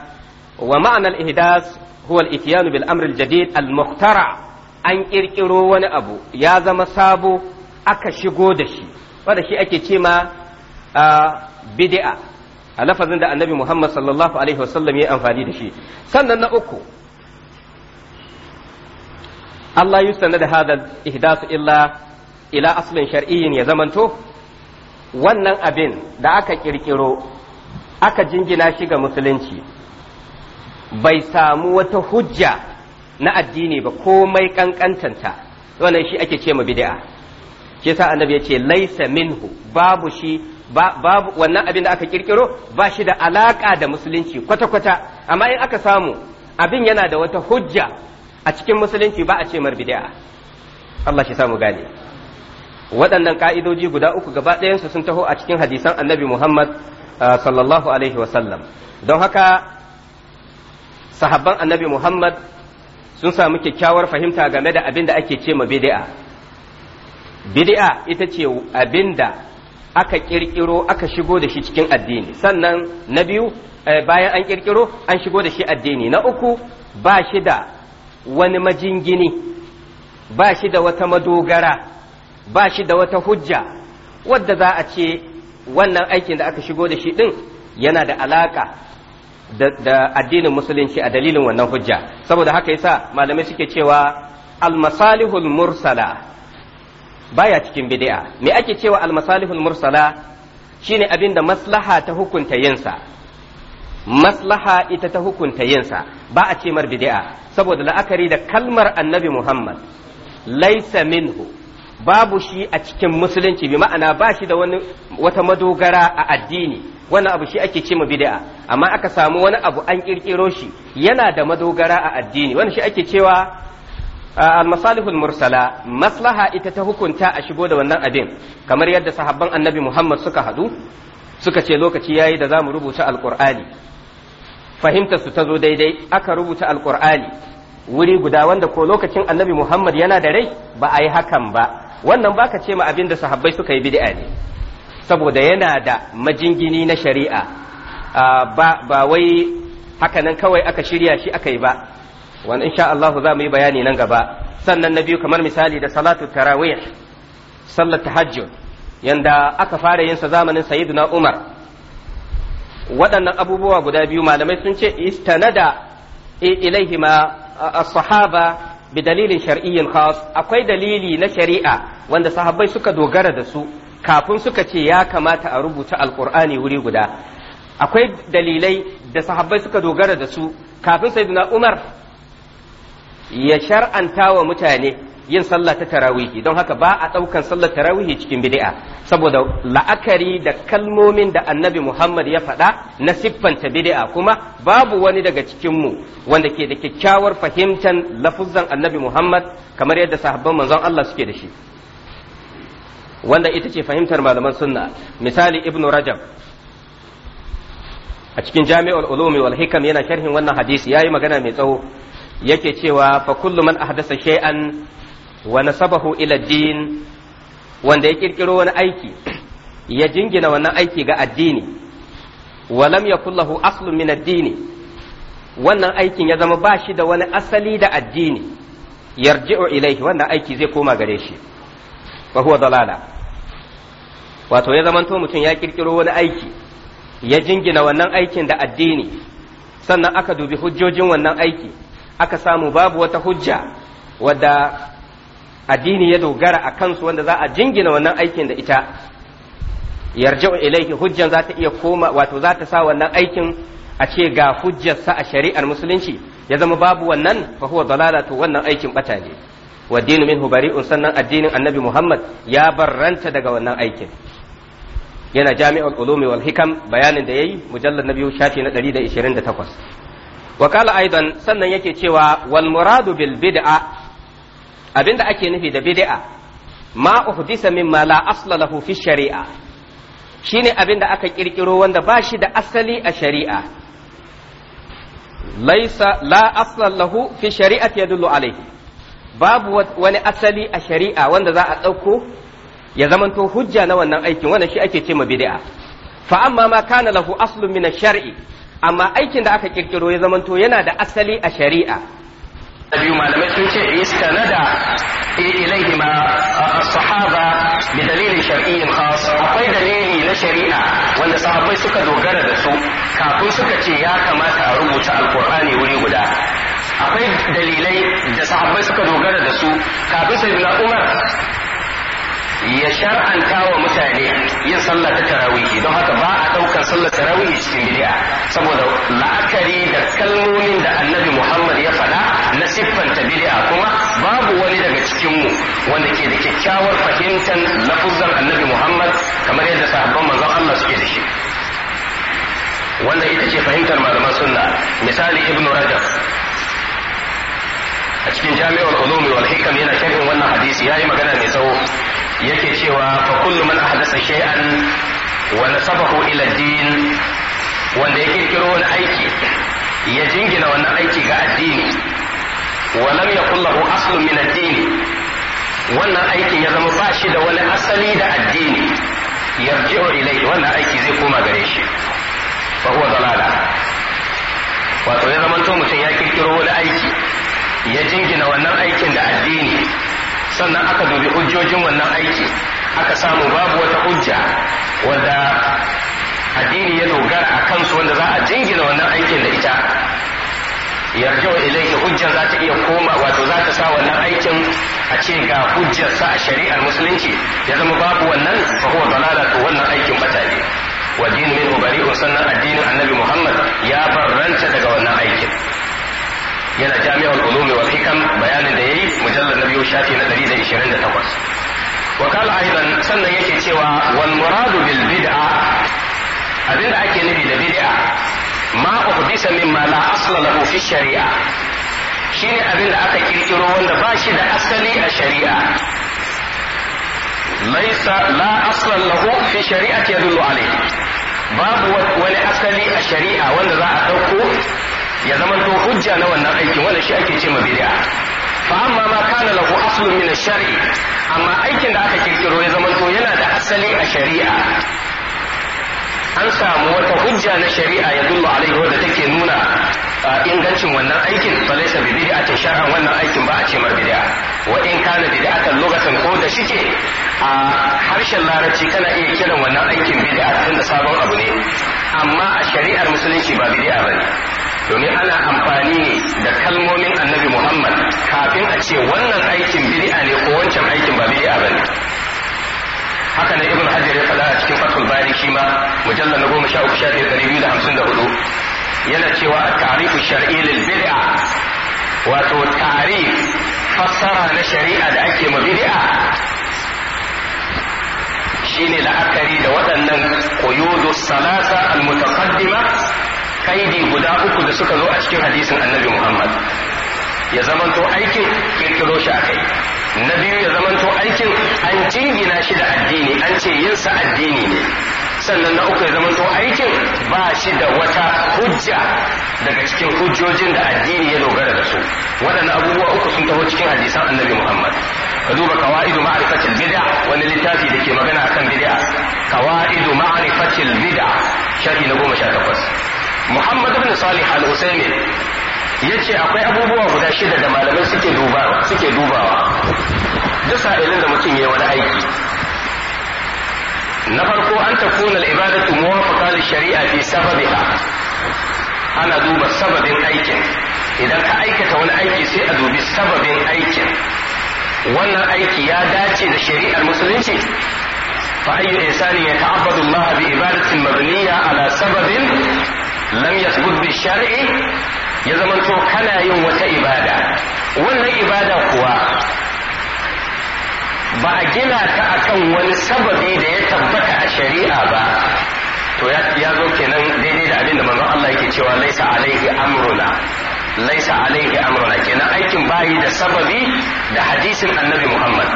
wa ma'ana al-ihdas huwa al-ityanu bil amr al-jadid al-muhtara an kirkiro wani abu ya zama sabo aka shigo da shi wanda shi ake ce ma A bid'a a lafazin da annabi Muhammad sallallahu alaihi wasallam ya amfani da shi sannan na uku Allah sanar da hadal ihdasu illa ila aslin shar'iyyin ya zamanto wannan abin da aka kirkiro aka jingina shi ga musulunci bai samu wata hujja na addini ba komai kankantanta wannan shi ake ce ma bid'a shi sa annabi ya ce laisa minhu babu shi babu wannan abin da aka kirkiro ba shi da alaka da musulunci kwata-kwata amma in aka samu abin yana da wata hujja a cikin musulunci ba a ce marbidiya Allah shi samu gane waɗannan ka'idoji guda uku gaba ɗayansu sun taho a cikin hadisan annabi Muhammad uh, sallallahu alaihi wasallam don haka sahabban annabi Muhammad sun samu kyakkyawar fahimta game da abin da ake ce ma Bidi'a bid'a ita ce abin da aka ƙirƙiro aka shigo da shi cikin addini sannan na biyu eh, bayan an kirkiro an shigo da shi addini na uku ba shi da wani majingini ba shi da wata madogara ba shi da wata hujja wadda za a ce wannan aikin da aka shigo da shi ɗin yana da alaƙa da addinin musulunci a dalilin wannan hujja saboda haka yasa malamai suke cewa al-masalihul mursala baya cikin bid'a me ake cewa almasalihul mursala shine abin da maslaha ta hukunta yinsa maslaha ita ta hukunta yinsa ba a ce mar bid'a saboda la'akari da kalmar annabi Muhammad laysa minhu babu shi a cikin musulunci bi ma'ana ba shi da wani wata madogara a addini wani abu shi ake cewa bid'a amma aka samu wani abu an kirkiro shi yana da madogara a addini wani shi ake cewa al-masalihul mursala maslaha ita ta hukunta a shigo da wannan abin kamar yadda sahabban annabi Muhammad suka hadu suka ce lokaci yayi da zamu rubuta alqur'ani fahimta su ta zo daidai aka rubuta alqur'ani wuri guda wanda ko lokacin annabi Muhammad yana da rai ba a yi hakan ba wannan baka ce ma abin da sahabbai suka yi bid'a ne saboda yana da majingini na shari'a ba wai hakanan kawai aka shirya shi aka yi ba wani insha Allah za mu yi bayani nan gaba sannan na biyu kamar misali da salatu tarawih sallar tahajjud yanda aka fara yin sa zamanin sayyiduna Umar waɗannan abubuwa guda biyu malamai sun ce istanada ilaihima as-sahaba bi dalilin shar'iyyin khas akwai dalili na shari'a wanda sahabbai suka dogara da su kafin suka ce ya kamata a rubuta alqur'ani wuri guda akwai dalilai da sahabbai suka dogara da su kafin sayyiduna Umar ya shar'anta wa mutane yin sallah ta tarawihi don haka ba a ɗaukan sallah tarawihi cikin bid'a saboda la'akari da kalmomin da annabi Muhammad ya faɗa na siffanta bid'a kuma babu wani daga cikinmu wanda ke da kyakkyawar fahimtar lafuzzan annabi Muhammad kamar yadda sahabban manzon Allah suke da shi wanda ita ce fahimtar malaman sunna misali ibnu rajab a cikin jami'ul ulumi wal hikam yana sharhin wannan hadisi yayi magana mai tsawo yake cewa fa kullu man ahdasa shay'an wa nasabahu ila din wanda ya kirkiro wani aiki ya jingina wannan aiki ga addini wa lam yakul lahu aslun min addini wannan aikin ya zama bashi da wani asali da addini yarji'u ilaihi wannan aiki zai koma gare shi fa huwa dalala wato ya zamanto mutum ya kirkiro wani aiki ya jingina wannan aikin da addini sannan aka dubi hujjojin wannan aiki aka samu babu wata hujja wadda addini ya dogara a kansu wanda za a jingina wannan aikin da ita yarja'u ilaihi hujjan za ta iya koma wato za ta sa wannan aikin a ce ga hujjarsa a shari'ar musulunci ya zama babu wannan fa huwa to wannan aikin bata ne wa dinu minhu bari'un sannan addinin annabi Muhammad ya barranta daga wannan aikin yana jami'ul ulumi wal hikam bayanin da yayi mujallar na biyu shafi na 128 wa kala aidan sannan yake cewa wal muradu bil bid'a abinda ake nufi da bid'a ma uhdisa mimma la asla lahu fi shari'a shine abinda aka kirkiro wanda ba shi da asali a shari'a laisa la asla lahu fi shari'ati yadullu alayhi babu wani asali a shari'a wanda za a ɗauko ya zamanto hujja na wannan aikin wanda shi ake ce ma bid'a fa amma ma kana lahu aslun min shari amma aikin da aka kirkiro ya zamanto yana da asali a shari'a biyu malamai sun ce istanada ilaihima sahaba bi dalilin shar'iyyin khas akwai dalili na shari'a wanda sahabbai suka dogara da su kafin suka ce ya kamata a rubuta alqur'ani wuri guda akwai dalilai da sahabbai suka dogara da su kafin sayyidina umar ya shar'anta wa mutane yin sallah ta tarawihi don haka ba a ɗaukar sallar tarawihi cikin bid'a saboda la'akari da kalmomin da annabi Muhammad ya faɗa na siffanta bid'a kuma babu wani daga cikinmu wanda ke da kyakkyawar fahimtar lafuzan annabi Muhammad kamar yadda sahabban manzon Allah suke da shi wanda ita ce fahimtar malaman sunna misali ibnu rajab a cikin jami'ar ulumi wal hikam yana sharhin wannan hadisi yayi magana mai tsawo yake cewa fa kullu man ahdasa shay'an wa nasabahu ila din wanda ya kirkiro wani aiki ya jingina wannan aiki ga addini wa lam yakul lahu aslun min addini wannan aikin ya zama ba shi da wani asali da addini yarji'u ilayhi wannan aiki zai koma gare shi fa huwa dalala wato ya zama to mutum ya kirkiro wani aiki ya jingina wannan aikin da addini sannan aka dubi hujjojin wannan aiki aka samu babu wata hujja wadda addini ya dogara a kansu wanda za a jingina wannan aikin da ita yarjo ilaihi hujjar za ta iya koma wato za ta sa wannan aikin a ce ga hujjar sa a shari'ar musulunci ya zama babu wannan fa huwa dalala to wannan aikin bata ne wa din min ubari'u sannan addinin annabi Muhammad ya barranta daga wannan aikin yana jami'ul ulumi wal hikam bayanin da biyu shafi na da ishirin 128 wa kala aidan sannan yake cewa wal muradu bil bid'a abinda ake nufi da bid'a ma uhdisa mimma la asla lahu fi shari'a shine abin da aka kirkiro wanda ba shi da asali a shari'a laisa la aslan lahu fi shari'ati yadullu alayhi babu wani asali a shari'a wanda za a dauko ya zama zamanto hujja na wannan aikin wanda shi ake ce ma bid'a fa amma ma kana lahu aslun min ash-shar'i amma aikin da aka kirkiro ya zama yana da asali a shari'a an samu wata hujja na shari'a ya dullu alaihi wadda take nuna ingancin wannan aikin falaisa bi bid'atin shar'an wannan aikin ba a ce mar bid'a wa in kana bid'atan lokacin ko da shike a harshen larabci kana iya kiran wannan aikin tun tunda sabon abu ne amma a shari'ar musulunci ba ba ne. domin ana amfani ne da kalmomin annabi muhammad kafin a ce wannan aikin bid'a ne ko wancan aikin ba bid'a ba ne haka na ibn hajar ya faɗa a cikin fatul bari shi ma mujallar na goma sha uku sha biyar ɗari biyu da hamsin da hudu yana cewa a tarifu shar'i lil bid'a wato tarif fassara na shari'a da ake ma bid'a shine la'akari da waɗannan quyudu salasa al-mutaqaddima kaidi guda uku da suka zo a cikin hadisin annabi Muhammad ya zamanto aikin kirkiro shi kai na biyu ya zamanto aikin an jingina shi da addini an ce yinsa addini ne sannan na uku ya zamanto aikin ba shi da wata hujja daga cikin hujjojin da addini ya dogara da su waɗannan abubuwa uku sun taho cikin hadisan annabi Muhammad ka duba kawaidu ma'rifatil bid'a wani littafi da ke magana akan bid'a kawaidu ma'rifatil bid'a shafi na goma sha takwas muhammad ibn salih al-usaimin ya ce akwai abubuwa guda shida da malamai suke dubawa suke dubawa duk sa'ilin da mutum ya wani aiki na farko an ta kuna al'ibadatu muwafaqa shari'a fi sababiha ana duba sababin aikin idan ka aikata wani aiki sai a dubi sababin aikin wannan aiki ya dace da shari'ar musulunci fa ayyu insani ya ta'abbadu Allah bi ibadatin mabniya ala sababin lam yasbut bi shar'i ya zamanto kana yin wata ibada wannan ibada kuwa ba a gina ta akan wani sababi da ya tabbata a shari'a ba to ya zo kenan daidai da abin da manzon Allah yake cewa laisa alaihi amruna laisa alaihi amruna kenan aikin bayi da sababi da hadisin annabi Muhammad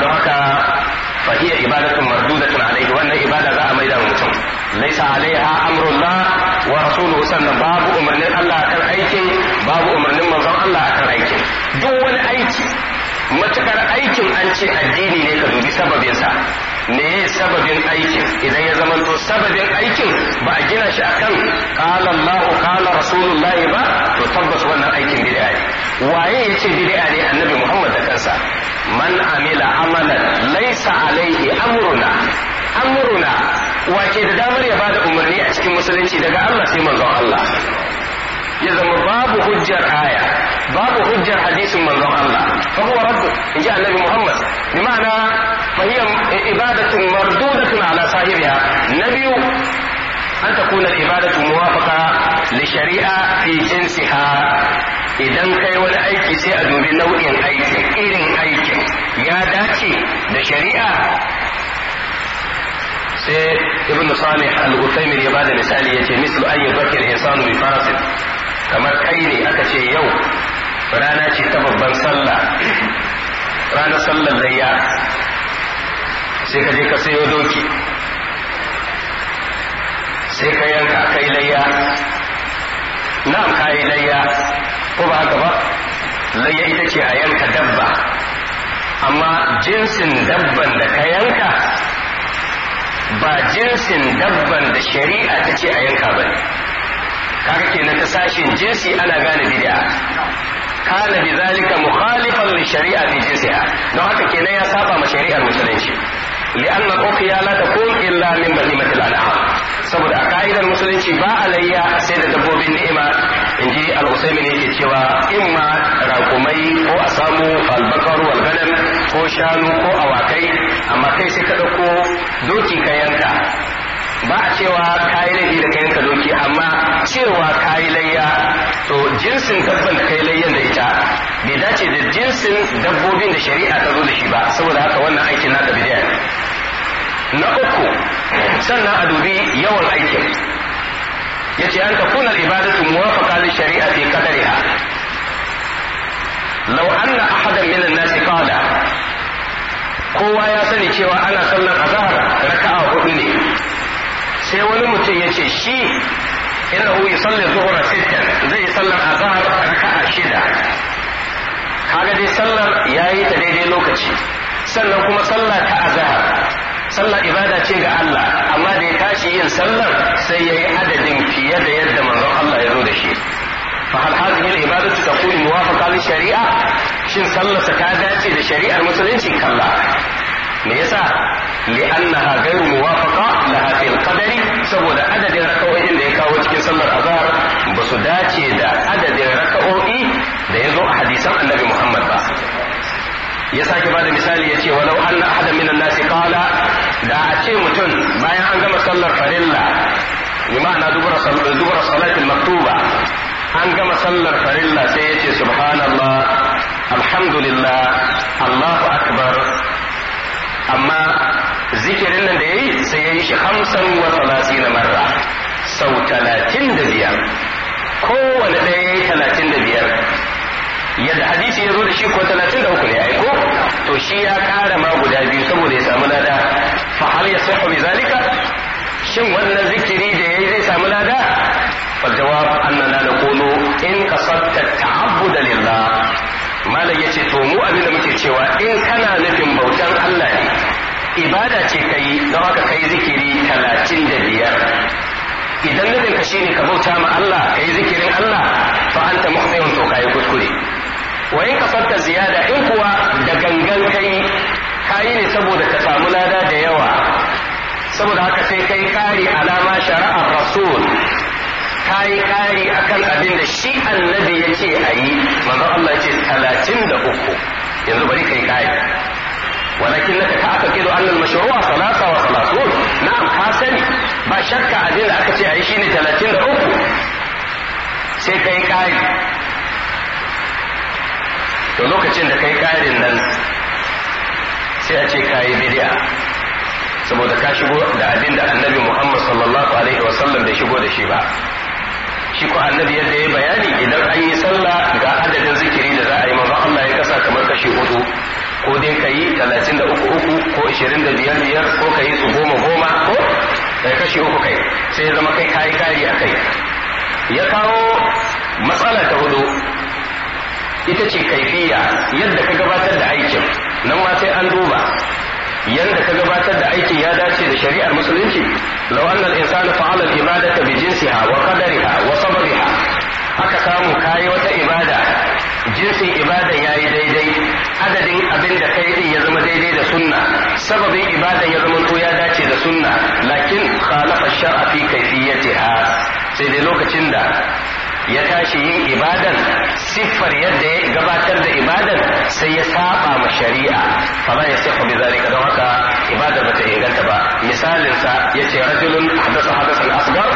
don haka fa hiya ibadatun mardudatun alaihi wannan ibada za a maida mutum laisa alaiha amrullah wa sannan babu umarnin Allah akan aikin babu umarnin manzon Allah akan aikin duk wani aiki matukar aikin an ce addini ne ka dubi sa ne sababin aikin idan ya zama to sababin aikin ba a gina shi akan qala Allah qala rasulullahi ba to tabbas wannan aikin bid'a ne waye yace bid'a ne annabi Muhammad da kansa man amila amalan laysa alaihi amruna amruna wace da damar ya bada umarni a cikin musulunci daga Allah sai manzon Allah ya zama babu hujjar aya babu hujjar hadisin manzon Allah fa huwa radd inji annabi Muhammad bi ma'ana fa hiya ibadatun mardudatun ala sahibiha nabiyu an takuna ibadatu muwafaqa li shari'a fi jinsiha idan kai wani aiki sai a dubi nau'in aikin irin aikin ya dace da shari'a sai ibn salih al-uthaymin ya bada misali yace mislu ayy yudhakki al bi faras kamar kai ne aka ce yau rana ce ta babban sallah ranar sallar layya sai ka je ka sayo doki sai ka yanka kai layya na'am ka layya ko ba haka ba layya ita ce a yanka dabba amma jinsin dabban da ka yanka ba jinsin dabban da shari'a ta ce a yanka ba ne kaga kenan ta sashin jinsi ana gane bid'a kana bi zalika mukhalifan li shari'ati jinsiha don haka kenan ya saba ma shari'ar musulunci li'anna ukhya la takun illa min bahimatil an'am saboda a ka'idar musulunci ba alayya sai da dabbobin ni'ima inji al-usaimin yake cewa imma raƙumai ko a samu albakar walganan ko shanu ko awakai kai sai ka ɗauko doki ka yanka ba a cewa kayi laifi da ka yanka doki amma cewa kayi layya to jinsin dabban da kai layyan da ita bai dace da jinsin dabbobin da shari'a ta zo da shi ba saboda haka wannan aikin naka bidiya na uku sannan a dubi yawan aikin yace an takuna al-ibadatu shari'a li shari'ati qadariha law anna ahadan min kowa ya sani cewa ana sallar azahar raka'a hudu ne sai wani mutum ya ce shi innahu yusalli zuhra sittan zai sallar azahar raka'a shida kaga dai sallar yayi ta daidai lokaci sannan kuma sallah ta azahar sallar ibada ce ga Allah amma da ya tashi yin sallar sai yayi adadin fiye da yadda manzon Allah ya zo da shi fa hal hadhihi al-ibadatu takunu muwafaqa li shari'a shin sallarsa ta dace da shari'ar musulunci kalla me yasa li'annaha ghayru muwafaqa laha fil qadari saboda adadin raka'o'in da ya kawo cikin sallar azhar ba su dace da adadin raka'o'i da ya zo a hadisan annabi Muhammad ba ya sake bada misali ya ce walau anna ahadan minan nasi qala da a ce mutum bayan an gama sallar farilla bi ma'ana dubura salatin maktuba an gama sallar farilla sai ya ce subhana الحمد لله الله أكبر amma zikirin nan da ya yi sai ya yi shi hamsan wa talatin marra sau talatin da biyar kowane ɗaya ya yi talatin da biyar yadda hadisi ya zo da shi ko talatin da uku ne aiko to shi ya ƙara ma guda biyu saboda ya samu lada fa hal ya sahu bi zalika shin wannan zikiri da yayi zai samu lada fal jawab annana naqulu in qasadta ta'abbuda lil malam ya ce to mu abin da muke cewa in kana nufin bautan Allah ne ibada ce ka yi don haka ka yi zikiri talatin da biyar idan nufin ka shine ka bauta ma Allah ka yi zikirin Allah fa anta muhsinun to kai kuskure wa in kafarta ziyada in kuwa da gangan kai kayi ne saboda ka samu lada da yawa saboda haka sai kai kari alama shari'a rasul ka yi ƙari akan abin da shi annabi ya ce a yi manzo Allah ce talatin da uku yanzu bari kai yi ƙari walakin na ta aka kido annal mashru'a salasa wa salasun na'am ka sani ba shakka abin da aka ce a yi shine talatin da uku sai ka yi to lokacin da kai ƙarin nan sai a ce ka yi bid'a saboda ka shigo da abin da annabi Muhammad sallallahu alaihi wasallam bai shigo da shi ba shi ko annabi yadda ya bayani idan an yi sallah ga adadin zikiri da za a yi manzo Allah ya kasa kamar kashi hudu ko dai ka yi talatin da uku uku ko ishirin da biyar biyar ko ka yi su goma goma ko kai kashi uku kai sai ya zama kai kayi kari a kai ya kawo matsala ta hudu ita ce kaifiya yadda ka gabatar da aikin nan ma sai an duba yadda ka gabatar da aikin ya dace da shari'ar musulunci law anna al-insana fa'ala al-ibadata bi jinsiha wa qadariha wa aka samu kayi wata ibada jinsin ibada ya yi daidai adadin abin da kai din ya zama daidai da sunna sababin ibada ya zama to ya dace da sunna lakin khalafa shar'a fi kayfiyatiha sai dai lokacin da ya tashi yin ibadan siffar yadda ya gabatar da ibadan sai ya saba ma shari'a ba ya ku bi zalika don haka ibada bata inganta ba misalin sa yace rajulun hadatha hadatha al-asghar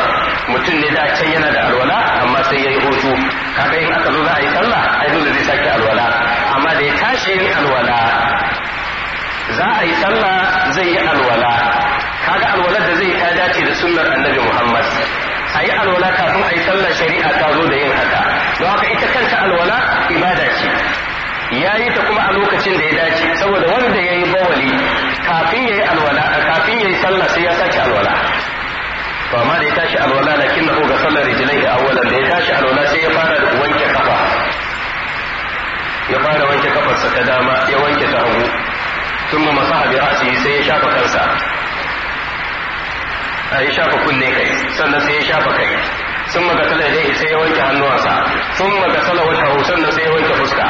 don haka ita kanta alwala ibada ce ya yi ta kuma a lokacin da ya dace saboda wanda ya yi bawali kafin ya yi alwala kafin ya yi sallah sai ya sake alwala to amma da ya tashi alwala lakin ko ga sallar da awwalan da ya tashi alwala sai ya fara da wanke kafa ya fara wanke kafarsa ta dama ya wanke ta hagu thumma masaha bi ra'sihi sai ya shafa kansa a ya shafa kunne kai sannan sai ya shafa kai sun magasala ilaihi sai ya wanke hannuwansa sun magasala wata husar da sai ya wanke fuska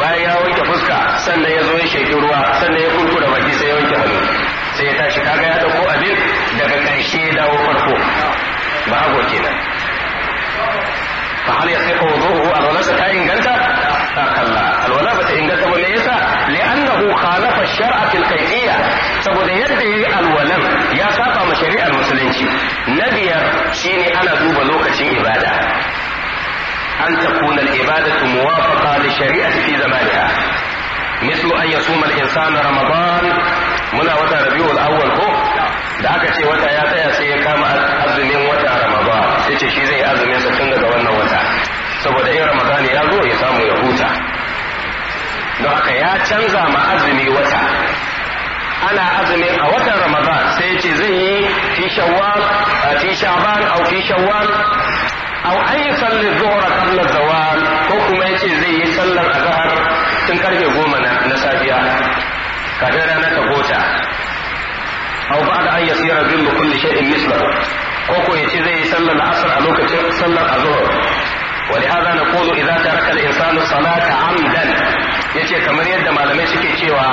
bayan ya wanke fuska sannan ya zo ya sheki ruwa sannan ya kurkura baki sai ya wanke hannu sai ya tashi kaga ya dauko abin daga karshe ya dawo farko ba hago kenan fa hal yasihu wuduhu alwalasa ta inganta ta kalla alwala ba ta inganta ba me yasa li'annahu khalafa shar'a fil kayfiyya saboda na biyar shine ana duba lokacin ibada an takuna al-ibadatu muwafaqa li shari'ati fi zamaniha mislu an yasuma al-insanu ramadan muna wata rabiul awwal ko da aka ce wata ya tsaya sai ya kama azumin wata ramadan sai ce shi zai azumin sa tun daga wannan wata saboda in ramadan ya zo ya samu ya huta don haka ya canza ma azumi wata ana azumin a watan ramadan شعبان او في شوال او اي يصلي الظهر قبل الزوال كوكما يجي زي صلى الظهر تنكره قومنا نسابيا كذلك انا تقوتا او بعد ان يصير ظل كل شيء مثله كوكو يجي زي يصلي العصر أو صلى الظهر ولهذا نقول اذا ترك الانسان الصلاة عمدا yace kamar yadda malamai suke cewa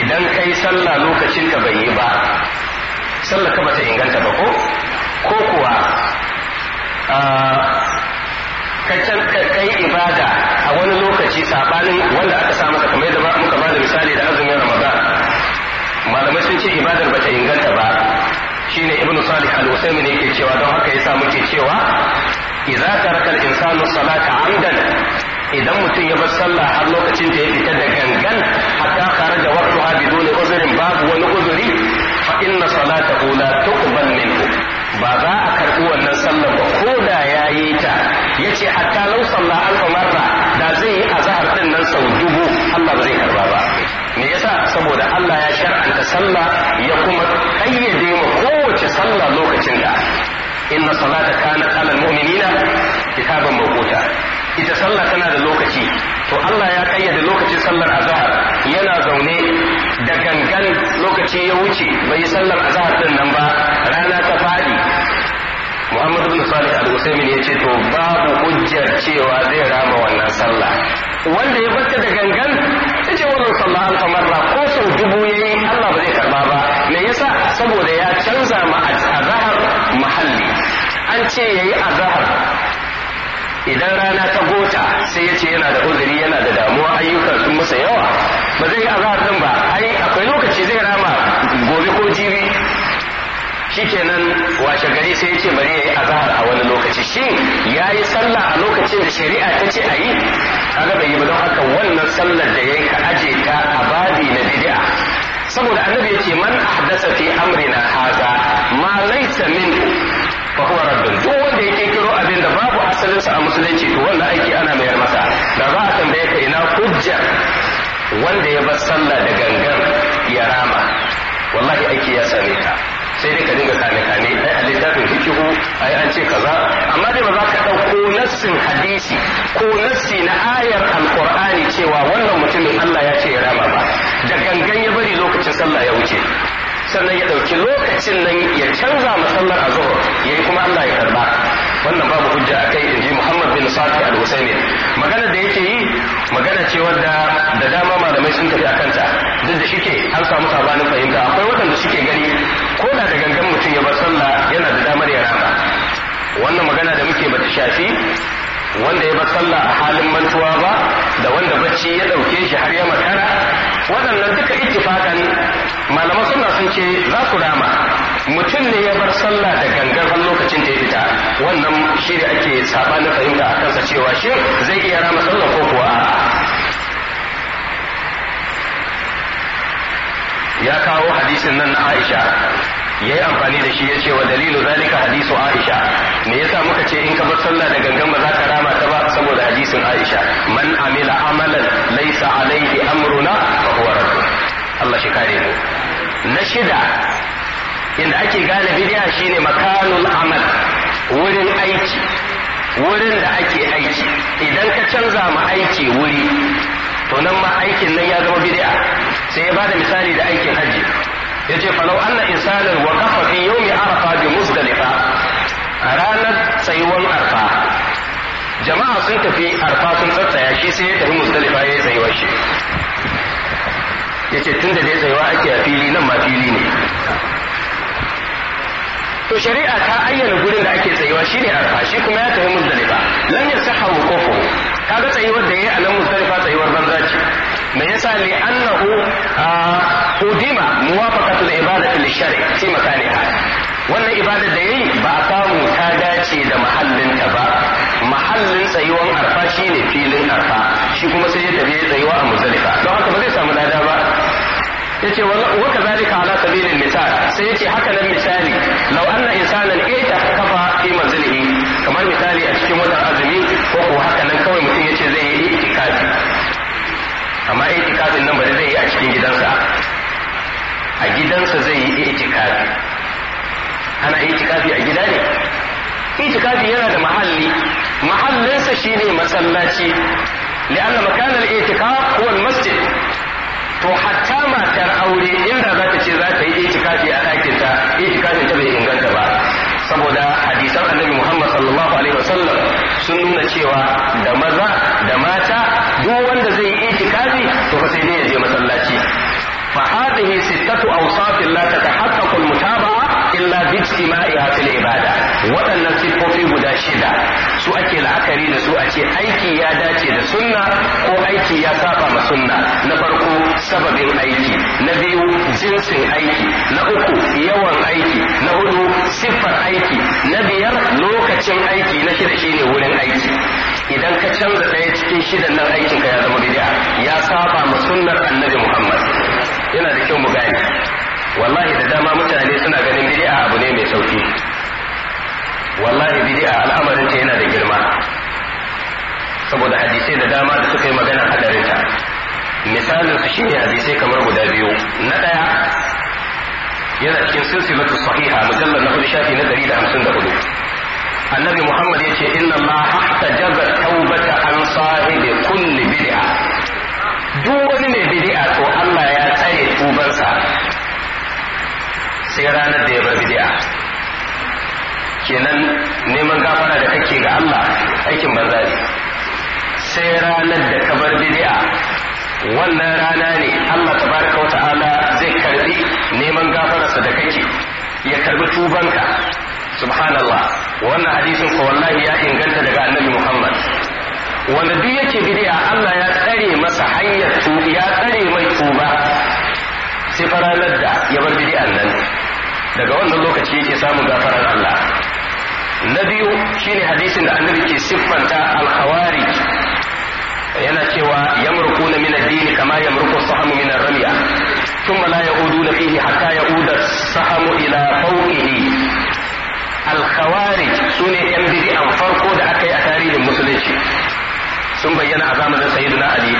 idan kai sallah lokacin ka bai yi ba sallah ka bata inganta ba ko ko kuwa ah, ka yi ibada a wani lokaci saɓanin wanda aka sa masa kamar yadda muka ba da misali da azumin ramadan malamai sun ce ibadar bata inganta ba shi ne Ibn salih al-usaymin yake cewa don haka yasa muke cewa idza taraka al-insanu salata amdan idan mutum ya bar sallah har lokacin da ya fita da gangan hatta kharaja waqtuha biduni uzrin babu wani sallah ya kuma kayyade ma kowace sallah lokacin da inna salata kana alal mu'minina kitaban mawquta ita sallah tana da lokaci to Allah ya kayyade lokacin sallar azhar yana zaune da gangan lokaci ya wuce bai sallar azhar din nan ba rana ta fadi Muhammad bin Salih al-Usaimin ya ce to babu hujjar cewa zai rama wannan sallah wanda ya barta da gangan ya ce wannan sallah alfa marra ko sau dubu yayi zai karba ba me yasa saboda ya canza ma zahar mahalli an ce yayi azahar idan rana ta gota sai ya ce yana da uzuri yana da damuwa ayyukan sun masa yawa ba zai yi azahar din ba ai akwai lokaci zai rama gobe ko jibi shikenan washe gari sai yace bari yayi azhar a wani lokaci shin yayi sallah a lokacin da shari'a ta ce yi kaga bai yi ba don haka wannan sallar da yayi ka aje ta a babi na bid'a saboda annabi yace man ahdasa fi amrina haza ma laysa min fa huwa raddun duk wanda ya kirkiro abin da babu asalin sa a musulunci to wannan aiki ana mayar masa da za a tambaye ka ina hujja wanda ya bar sallah da gangan ya rama wallahi aiki ya same ka sai dai ka dinga kane kane a fiqhu ai an ce kaza amma dai ba za ka ɗauko nassin hadisi ko nassi na ayar alqur'ani cewa wannan mutumin Allah ya ce ya rama ba da gangan ya bari lokacin sallah ya wuce sannan ya ɗauki lokacin nan ya canza masallar azhar yayi kuma Allah ya karba wannan babu hujja a akai inji Muhammad bin Sati al-Husaini magana da yake yi magana ce wadda da dama malamai sun tafi akan ta duk da shike an samu sabanin fahimta akwai waɗanda suke gani ko da da gangan mutum ya bar wannan magana da muke bata shafi wanda ya bar sallah a halin mantuwa ba da wanda bacci ya ɗauke shi har ya makara waɗannan duka ittifakan malaman suna sun ce za ku rama mutum ne ya bar sallah da gangan har lokacin da ya fita wannan shi da ake sabanin fahimta a kansa cewa shi zai iya rama sallah ko kuwa ya kawo hadisin nan na Aisha ya yi amfani da shi ya ce wa dalilu zalika hadisu aisha me yasa muka ce in ka bar sallah da gangan ba za ka rama ta ba saboda hadisin aisha man amila amalan laysa alaihi amruna fa huwa radd Allah shi kare mu na shida inda ake gane bid'a shine makanul amal wurin aiki wurin da ake aiki idan ka canza ma aiki wuri to nan ma aikin nan ya zama bid'a sai ya bada misali da aikin hajji yace falau anna insanan wa kafa fi yawmi arafa bi muzdalifa a ranar tsayuwar arfa jama'a sun tafi arfa sun tsatsaya shi sai ya tafi muzdalifa ya yi tsayuwa shi yace tun da dai tsayuwa ake a fili nan ma fili ne to shari'a ta ayyana gurin da ake tsayuwa shi ne arfa shi kuma ya tafi muzdalifa lam yasahhu kofu kaga tsayuwar da ya yi a nan muzdalifa tsayuwar banza ce me yasa li annahu ah, qudima muwafaqatu al-ibadati lish-shari' fi makaniha wannan ibadar da yayi ba a samu ta dace da ta ba mahallin tsayuwan arfa shine filin arfa shi kuma sai ya tafi tsayuwa a muzalifa don haka ba zai samu lada ba yace wa kadhalika ala sabilil misal sai yace haka nan misali law anna insanan ita amma itikafin nan ba zai yi a cikin gidansa a gidansa zai yi itikafi ana itikafi a gida ne itikafi yana da mahalli mahallinsa shine masallaci لأن مكان الاعتكاف هو masjid. to hatta matar aure inda za ta ce za ta yi itikafi a ɗakin ta itikafin ta bai inganta ba saboda hadisan annabi Muhammad sallallahu alaihi wasallam sun nuna cewa sittatu awsafin la tatahaqqaqu kwalmu mutabaa illa bi ijtima'iha fil ibada waɗannan siffofi guda shida su ake la'akari da su a ce aiki ya dace da sunna ko aiki ya saba ma sunna na farko sababin aiki na biyu jinsin aiki na uku yawan aiki na hudu siffar aiki na biyar lokacin aiki na shida ne wurin aiki idan ka canza ɗaya cikin shidan nan aikinka ya zama bid'a ya saba ma sunnar annabi Muhammad yana da kyau mu gane wallahi da dama mutane suna ganin bid'a abu ne mai sauki wallahi bid'a al'amarin ta yana da girma saboda hadisai da dama da suka yi magana hadarin ta misalin su shine hadisai kamar guda biyu na daya yana cikin silsilatu sahiha mujallal na hudu shafi na 154 annabi muhammad yace inna allaha hatta jaza tawbata sai ranar da ya bar bidi'a kenan neman gafara da kake ga Allah aikin banza ne sai ranar da ka bar bid'a wannan rana ne Allah tabaraka wa ta'ala zai karbi neman gafararsa da kake ya karbi tubanka subhanallah wannan hadisin ko wallahi ya inganta daga annabi Muhammad wanda duk yake bidi'a Allah ya tsare masa hanyar ya tsare mai tuba sai faranar da ya bar bid'an nan daga wannan lokaci yake samun gafarar Allah na biyu shine hadisin da annabi ke siffanta al yana cewa yamruquna min ad-din kama yamruqu as-sahmu min ar-ramya thumma la ya'uduna fihi hatta ya'uda as-sahmu ila fawqihi al-khawarij sune yan bid'an farko da aka yi a tarihin musulunci sun bayyana a zamanin sayyidina ali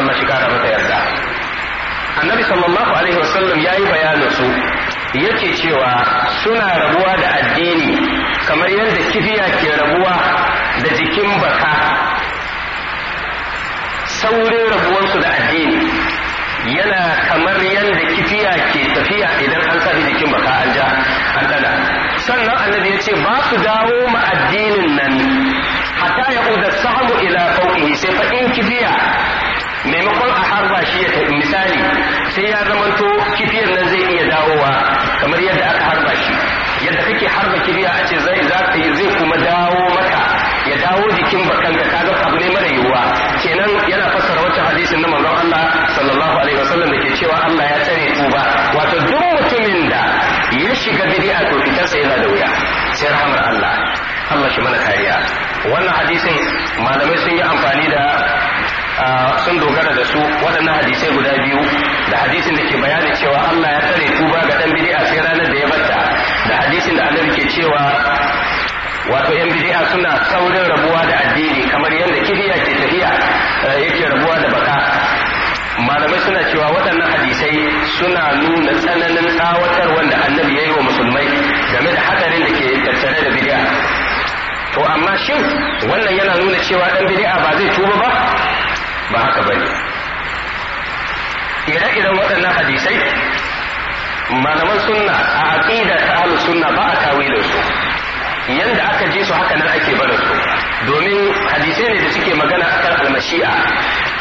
Allah shi kara masa yarda annabi sallallahu alaihi wasallam yayi bayanin su yake cewa suna rabuwa da addini kamar yadda kifiya ke rabuwa da jikin baka saurin rabuwarsu da addini yana kamar yadda kifiya ke tafiya idan an sabi jikin baka an ja an sannan annabi ya ce ba su dawo ma addinin nan hata ya uda samu ila kauki sai faɗin kifiya maimakon a harba shi ya misali sai ya zama kansa yana da wuya sai rahamar Allah Allah shi mana kariya wannan hadisin malamai sun yi amfani da sun dogara da su waɗannan hadisai guda biyu da hadisin da ke bayani cewa Allah ya tsare tuba ga dan bidi'a sai ranar da ya batta da hadisin da annabi ke cewa wato yan bidi'a suna saurin rabuwa da addini kamar yadda kifiya ke tafiya yake rabuwa da baka malamai suna cewa waɗannan hadisai suna nuna tsananin tsawatar wanda annabi ya yi wa musulmai game da hadarin da ke tattare da bid'a to amma shin wannan yana nuna cewa dan bid'a ba zai tuba ba ba haka bane ire idan waɗannan hadisai malaman sunna a aqida ta ahlus sunna ba a tawilo su yanda aka ji su haka nan ake barin su domin hadisai ne da suke magana akan almashi'a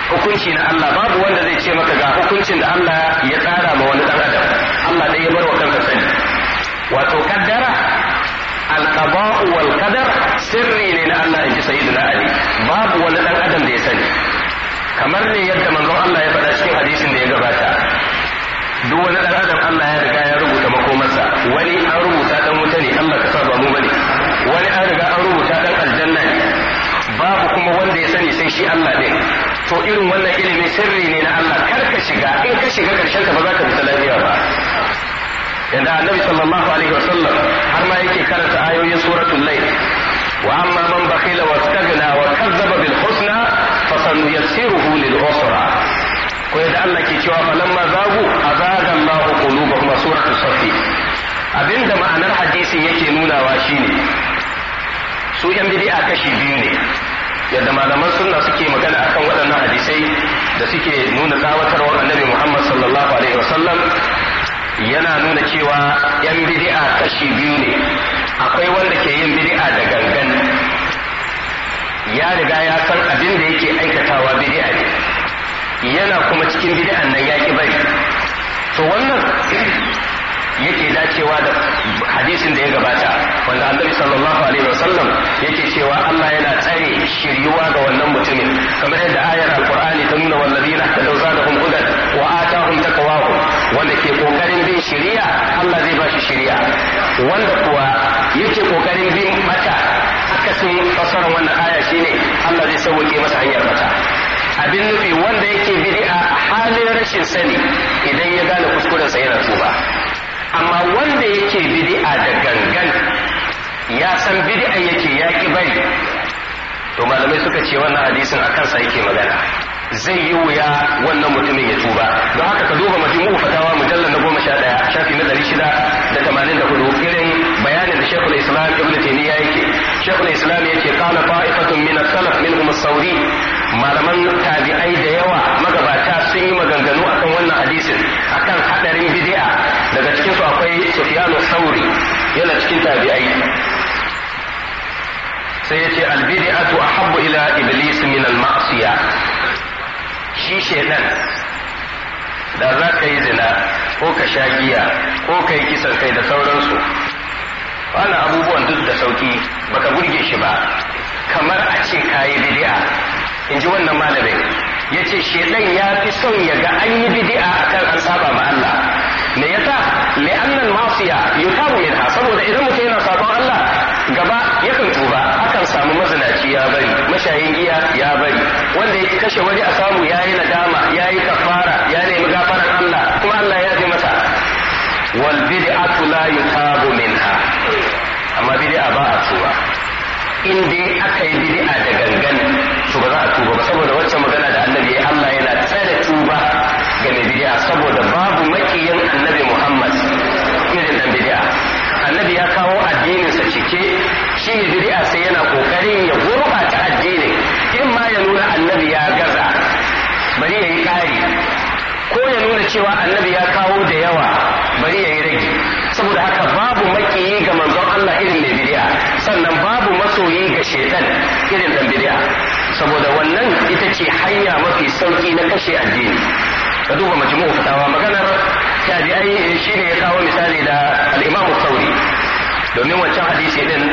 hukunci na Allah babu wanda zai ce maka ga hukuncin da Allah ya tsara ma wani dan adam Allah dai ya bar wa kansa sani wato kaddara alqada'u wal qadar sirri ne na Allah inji sayyidina ali babu wani dan adam da ya sani kamar ne yadda manzon Allah ya faɗa cikin hadisin da ya gabata duk wani dan adam Allah ya riga ya rubuta makomarsa wani an rubuta dan wuta ne Allah ka saba mu bane wani an riga an rubuta dan aljanna ne babu kuma wanda ya sani sai shi Allah ɗin to irin wannan ilimin sirri ne na Allah kar ka shiga in ka shiga karshen ka ba za ka fita lafiya ba yadda annabi sallallahu alaihi wasallam har ma yake karanta ayoyin suratul layl wa amma man bakhila wastaghna wa kazzaba bil husna fa sanuyassiruhu lil usra ko yadda Allah ke cewa falamma zagu azaga Allah qulubahum suratul safi abinda ma'anar hadisin yake nunawa shine su yan bid'a kashi biyu ne yadda malaman sunna suke magana akan waɗannan hadisai da suke nuna tsawatarwar annabi Muhammad sallallahu alaihi wasallam yana nuna cewa yan bidi'a kashi biyu ne akwai wanda ke yin bid'a da gangan ya riga ya san abin da yake aikatawa bidi'a ne yana kuma cikin bidi'an nan ya ki bari to wannan yake dacewa da hadisin da ya gabata wanda annabi sallallahu alaihi wasallam yake cewa Allah yana tsare shiryuwa ga wannan mutumin kamar yadda ayar alqur'ani ta nuna wallazina tadawzadahum hudan wa atahum taqwahum wanda ke kokari shirya Allah zai ba shi shari'a wanda kuwa yake kokarin bin mata sun fasara wannan aya shine Allah zai sauke masa hanyar mata abin nufi wanda yake bid'a a halin rashin sani idan ya gane kuskuren sa yana tuba amma wanda yake bid'a da gangan ya san bid'a yake ya ki bari to malamai suka ce wannan hadisin a kansa yake magana zai yi wuya wannan mutumin ya tuba don haka ka duba mafi mu fatawa mujallar. sha ɗaya shafi na ɗari shida da tamanin da hudu irin bayanin da shekul islam ibn ya yake shekul islam yake qala fa'ifatun min as-salaf min as-sauri malaman tabi'ai da yawa magabata sun yi maganganu akan wannan hadisin akan hadarin bid'a daga cikin su akwai sufyanu sauri yana cikin tabi'ai sai yace al-bid'atu ahabbu ila iblis min al-ma'siyah shi shedan da za ka yi zina ko ka sha giya ko ka yi kisan kai da sauransu wannan abubuwan duk da sauki baka burge shi ba kamar a ce ka yi bidi'a in ji wannan malamin ya ce shedan ya fi son ya ga an yi bidi'a akan an saba ma Allah me ya yasa annan masiya min ha? saboda idan mutum yana sabon Allah gaba yakan tuba akan samu mazinaci ya bari mashayin giya ya bari wanda ya kashe wani a samu yayi dama. in dai aka yi bid'a da gangan to ba za a tuba ba saboda wacce magana da annabi Allah yana tsare tuba ga mai bid'a saboda babu makiyin annabi Muhammad irin dan bid'a annabi ya kawo addinin sa cike shi ne bid'a sai yana kokarin ya gurbata addini in ma ya nuna annabi ya gaza bari ya yi kari ko ya nuna cewa annabi ya kawo da yawa bari ya yi rage saboda haka babu makiyi ga manzon Allah irin mai bid'a sannan shedan irin dan bid'a saboda wannan ita ce hanya mafi sauki na kashe addini ka duba majmu'u fatawa maganar tabi'ai shine ya kawo misali da al-Imam Sauri domin wancan hadisi din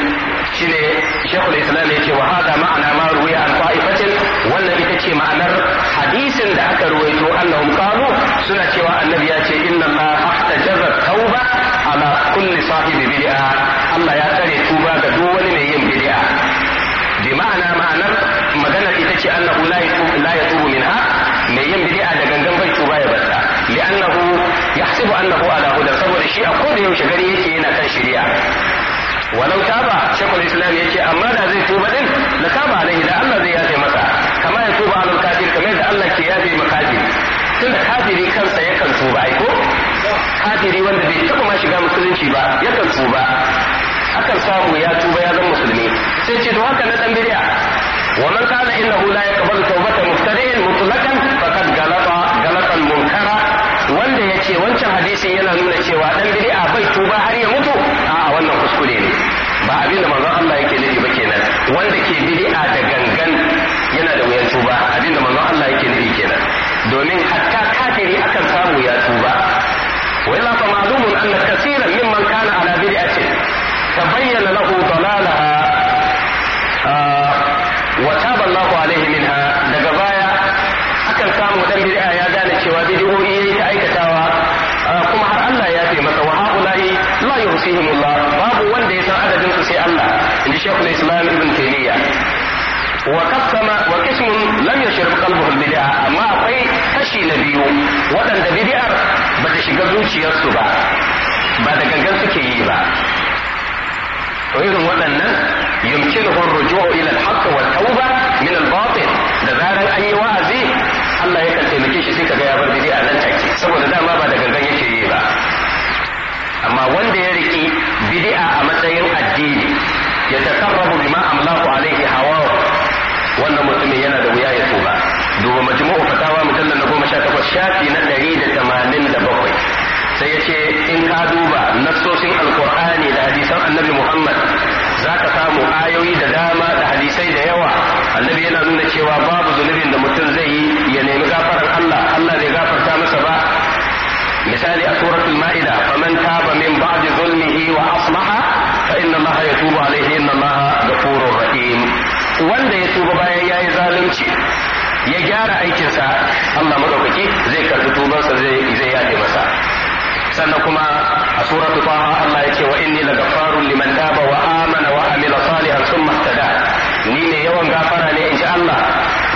shine Sheikhul Islam yace wa hada ma'ana ma ruwiya an qa'ifatin wannan ita ce ma'anar hadisin da aka ruwaito annahum qalu suna cewa annabi ya ce inna ma ahtajaza tauba ala kulli sahibi bid'a Allah ya tsare tuba ga duk yahsibu annahu ala hudan saboda shi a koda yaushe gari yake yana kan shari'a walau taba shekul islam yake amma da zai tuba din la taba alaihi da Allah zai yafe masa kama ya tuba alal kafir kamar da Allah ke yafe ma kafiri da kafiri kansa yakan tuba ai ko kafiri wanda bai taba ma shiga musulunci ba yakan tuba akan samu ya tuba ya zama musulmi sai ce to haka na dan bid'a wa man kana innahu la yaqbalu tawbata muftari hadisi yana nuna cewa dan bid'a bai tuba har ya mutu a'a wannan kuskure ne ba abin da manzon Allah yake nufi ba kenan wanda ke bid'a da gangan yana da wuyan tuba abin da manzon Allah yake nufi kenan domin hatta kafiri akan samu ya tuba wa illa fa ma'lumun anna wa kasama wa qismun lam yashrib qalbuhum bid'a amma akwai kashi na biyu waɗanda bid'ar ba ta shiga zuciyarsu ba ba da gangan suke yi ba to irin waɗannan yumkinuhu ar-ruju'u ila al-haqq wa tauba min al-batil da zaran an yi wa'azi Allah yakan taimake shi sai kaga ya bar bid'a nan take saboda dama ba da gangan yake yi ba amma wanda ya rike bid'a a matsayin addini ya takarrabu bima amlahu alaihi wannan mutumin yana da wuya ya tuba duba majmu'u fatawa mujallal na goma sha takwas shafi na ɗari da tamanin da bakwai sai ya ce in ka duba nassosin alkur'ani da hadisan annabi muhammad za ka samu ayoyi da dama da hadisai da yawa annabi yana nuna cewa babu zunubin da mutum zai yi ya nemi gafarar allah allah zai gafarta masa ba misali a suratul ma'ida faman taba min ba'di zulmihi wa aslaha fa inna ya yatubu alaihi wanda ya tuba bayan ya yi zalunci ya gyara aikinsa Allah madaukaki zai karbi tubansa zai yaje masa sannan kuma a suratu faha Allah ya ce wa inni lagafarun liman taba wa amana wa amila salihan summa ihtada ni ne yawan gafara ne in Allah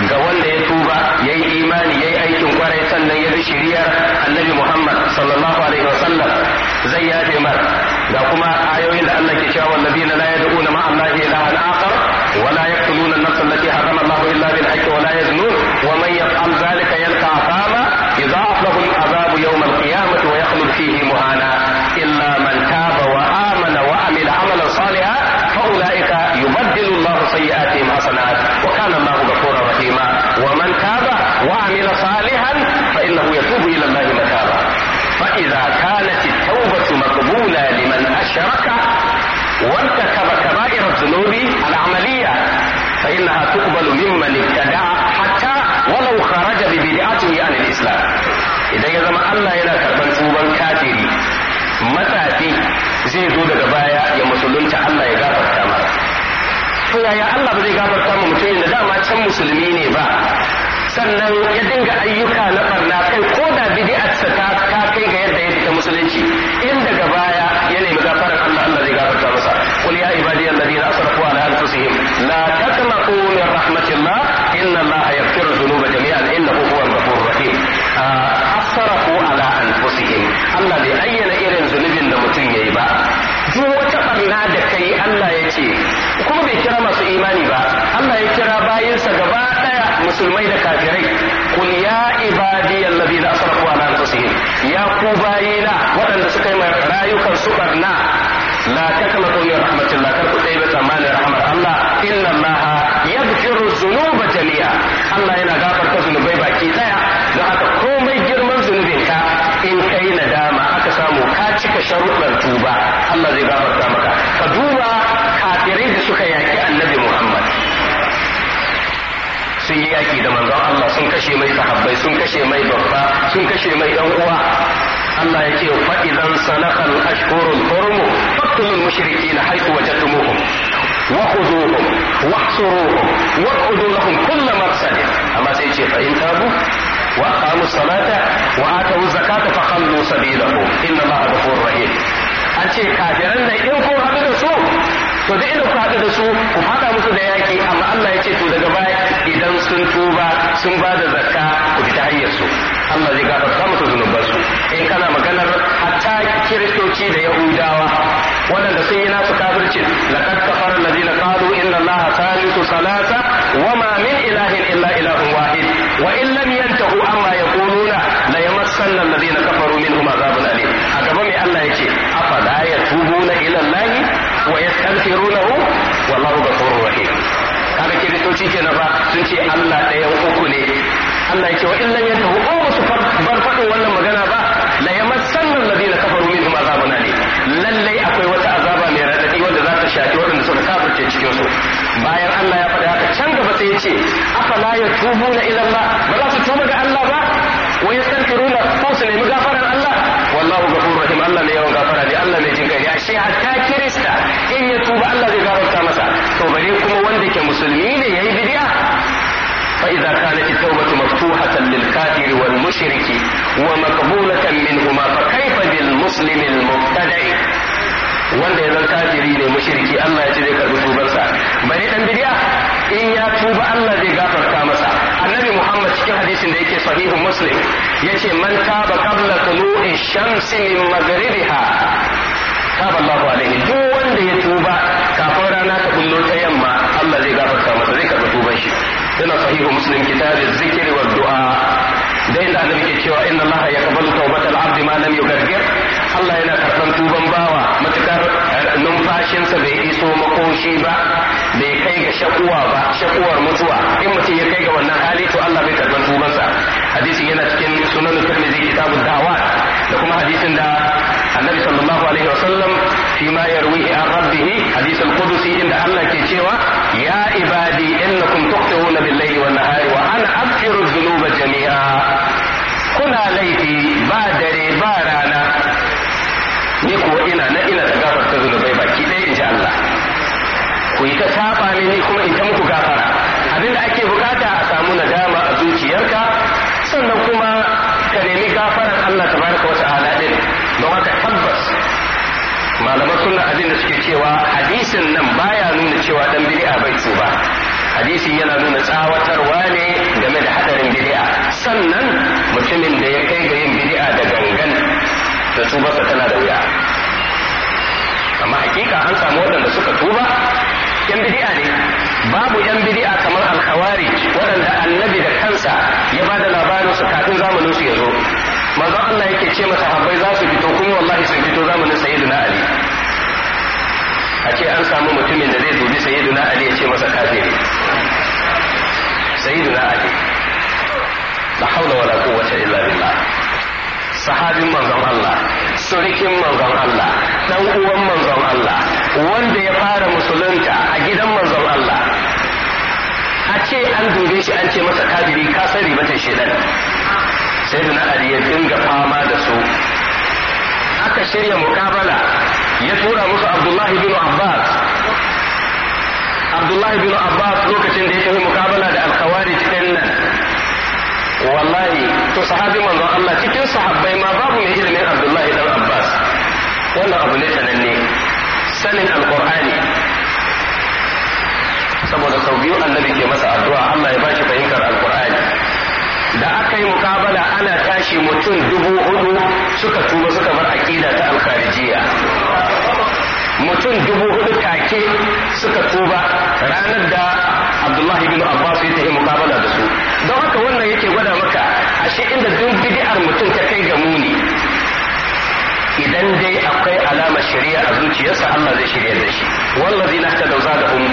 ga wanda ya tuba yayi imani yayi aikin kwarai sannan ya bi shiriyar Annabi Muhammad sallallahu alaihi wasallam zai yafe mar ga kuma ayoyin da Allah ke cewa wallazina la yad'una ma'a Allah ilahan akhar wa la الله بالحق ولا يزنون ومن islam idan ya zama Allah yana karban tuban kafiri matafi zai zo daga baya ya musulunta Allah ya gafarta masa to yaya Allah ba zai gafarta mu mutum da dama can musulmi ne ba sannan ya dinga ayyuka na barna kai ko da bid'arsa ta ta kai ga yadda ya musulunci in daga baya ya nemi gafarar Allah Allah zai gafarta masa qul ya ibadiy asrafu ala anfusihim la taqnatu min rahmatillah inna Allah ya ku bayina waɗanda suka yi rayukan su barna la kama min rahmatillah kar ku dai ba tsammanin rahmar Allah inna sun yi yaki da manzon Allah sun kashe mai sahabbai sun kashe mai babba sun kashe mai dan uwa Allah yake fa idan sanakal ashhurul hurum faqtulul mushrikin haythu wajadtumuhum wa khuduhum wahsuruhum waqudu lahum kull maqsad amma sai ce fa in tabu wa aqamu salata wa atu zakata fa khallu sabilahum inna Allah ghafurur rahim an ce kafiran da in kun haɗu da su to duk inda ku haɗu da su ku haɗa musu da yaƙi amma Allah ya ce to daga baya idan sun tuba sun ba da zakka ku fita hanyar su Allah zai gafarta musu zunuban su in kana maganar hatta kiristoci da yahudawa waɗanda sun yi nasu kafircin laqad kafara alladhina qalu inna allaha thalithu salasa ma min ilahin illa ilahun wahid wa in lam yantahu amma yaquluna la yamassanna alladhina kafaru minhum adhabun alim Allah ya ce ya yatubuna na Allah wa yastaghfirunahu wallahu ghafurur rahim kaga kiristoci kenan ba sun ce Allah ɗaya uku ne Allah ya ce wa illan yantahu in musu bar faɗin wannan magana ba la yamassanna alladhina kafaru minhum azabun ne. lallai akwai wata azaba mai radadi wanda za ta shafi waɗanda suka kafirce cikin su bayan Allah ya faɗa haka can gaba sai ya ce afala tubu na Allah ba za su tuba ga Allah ba wa yastaghfiruna ko su nemi gafara الله غفور رحيم الله لي يوم لي الله لي جنك يا شيء حتى إن يتوب الله لي غفر تامسا توبريكم وندك مسلمين يهي بديا فإذا كانت التوبة مفتوحة للكافر والمشرك ومقبولة منهما فكيف بالمسلم المبتدع وندك الكافرين المشرك الله يتذكر بسوبرسا بريتا بديا in ya tuba Allah zai gafarta masa annabi Muhammad cikin hadisin da yake sahihu muslim yace man taba qabla tulu'i shamsi min maghribiha taba Allahu alaihi duk wanda ya tuba kafin rana ta kullo ta yamma Allah zai gafarta masa zai karɓi tuban shi yana sahihu muslim kitabiz zikri wa du'a da inda annabi ke cewa inna Allah yaqbalu tawbatal abdi ma lam yughadhir Allah yana karɓan tuban bawa numfashinsa bai iso makoshi ba bai kai ga shakuwa ba shakuwar mutuwa in mutum ya kai ga wannan hali to Allah bai karɓar tubansa hadisin yana cikin sunan tirmidhi kitabud dawa da kuma hadisin da annabi sallallahu alaihi wasallam fi ma yarwihi an rabbih hadisul qudusi inda Allah ke cewa ya ibadi innakum tuqtuna bil-layli wan-nahari wa ana aghfiru dhunuba jami'a kuna laifi ba dare ba rana ni ko ina na ina ta gafarta zunubai ku yi ta saba mini kuma in ta muku gafara abinda ake bukata a samu nadama a zuciyarka sannan kuma ka nemi gafaran Allah tabaraka wa ta'ala din don haka tabbas malaman sunna abin da suke cewa hadisin nan baya nuna cewa dan bid'a bai tuba hadisi yana nuna tsawatarwa ne game da hadarin bid'a sannan mutumin da ya kai ga yin bid'a da gangan da tsubarsa tana da wuya amma hakika an samu waɗanda suka tuba yan bidi'a ne babu yan bidi'a kamar alkhawari waɗanda annabi da kansa ya ba da labarin su kafin zamanin su ya zo manzo Allah yake ce masa habbai za su fito kuma wallahi sun fito zamanin sayyiduna ali a ce an samu mutumin da zai dubi sayyiduna ali ya ce masa kafiri sayyiduna ali la haula wala quwwata illa billah sahabin manzon Allah surikin manzon Allah dan uwan manzon Allah wanda ya fara musulunta a gidan manzon Allah a ce an dube shi an ce masa kafiri ka sani mata shedan sai da Ali ya dinga fama da su aka shirya mukabala ya tura musu Abdullahi bin Abbas Abdullahi bin Abbas lokacin da ya yi mukabala da alkawari cikin nan wallahi to sahabi manzon Allah cikin sahabbai ma babu mai ilimin Abdullahi dan Abbas wannan abu ne sananne sanin alkur'ani saboda sau biyu annabi ke masa addu'a Allah ya bashi fahimtar alkur'ani da aka yi mukabala ana tashi mutum dubu hudu suka tuba suka bar akida ta alkharijiya mutum dubu hudu take suka tuba ranar da abdullahi bin abbas ya tafi mukabala da su don haka wannan yake gwada maka ashe inda duk bid'ar mutum ta kai ga muni idan dai akwai zuciyarsa Allah zai shirya da shi wallazi na ta dauza da hum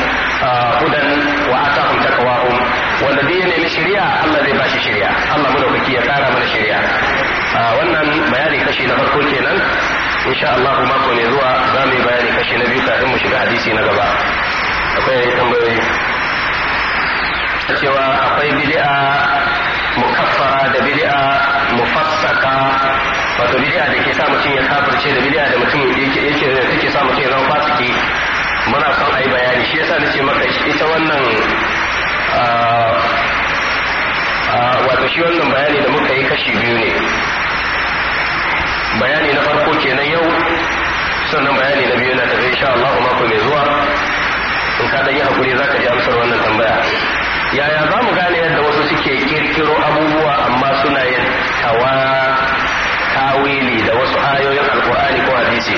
ah, hudan wa atahum taqwahum wanda dai ne shirya Allah zai bashi shirya Allah madaukaki ya tsara mana shirya ah, wannan bayani kashi na farko kenan insha Allah mako ne zuwa za mu yi bayani kashi na biyu kafin mu shiga hadisi na gaba akwai tambayoyi cewa akwai bid'a mukaffara da bid'a mufassaka wato bid'a da ke sa mutum ya kafirce da bid'a da mutum yake ke da take sa mutum ya zama fasiki muna son yi bayani shi yasa nace maka ita wannan wato shi wannan bayani da muka yi kashi biyu ne bayani na farko kenan yau sannan bayani na biyu na tafi insha Allah mako mai zuwa in ka dan yi hakuri zaka ji amsar wannan tambaya yaya za mu gane yadda wasu suke kirkiro abubuwa amma suna yin tawa hadisi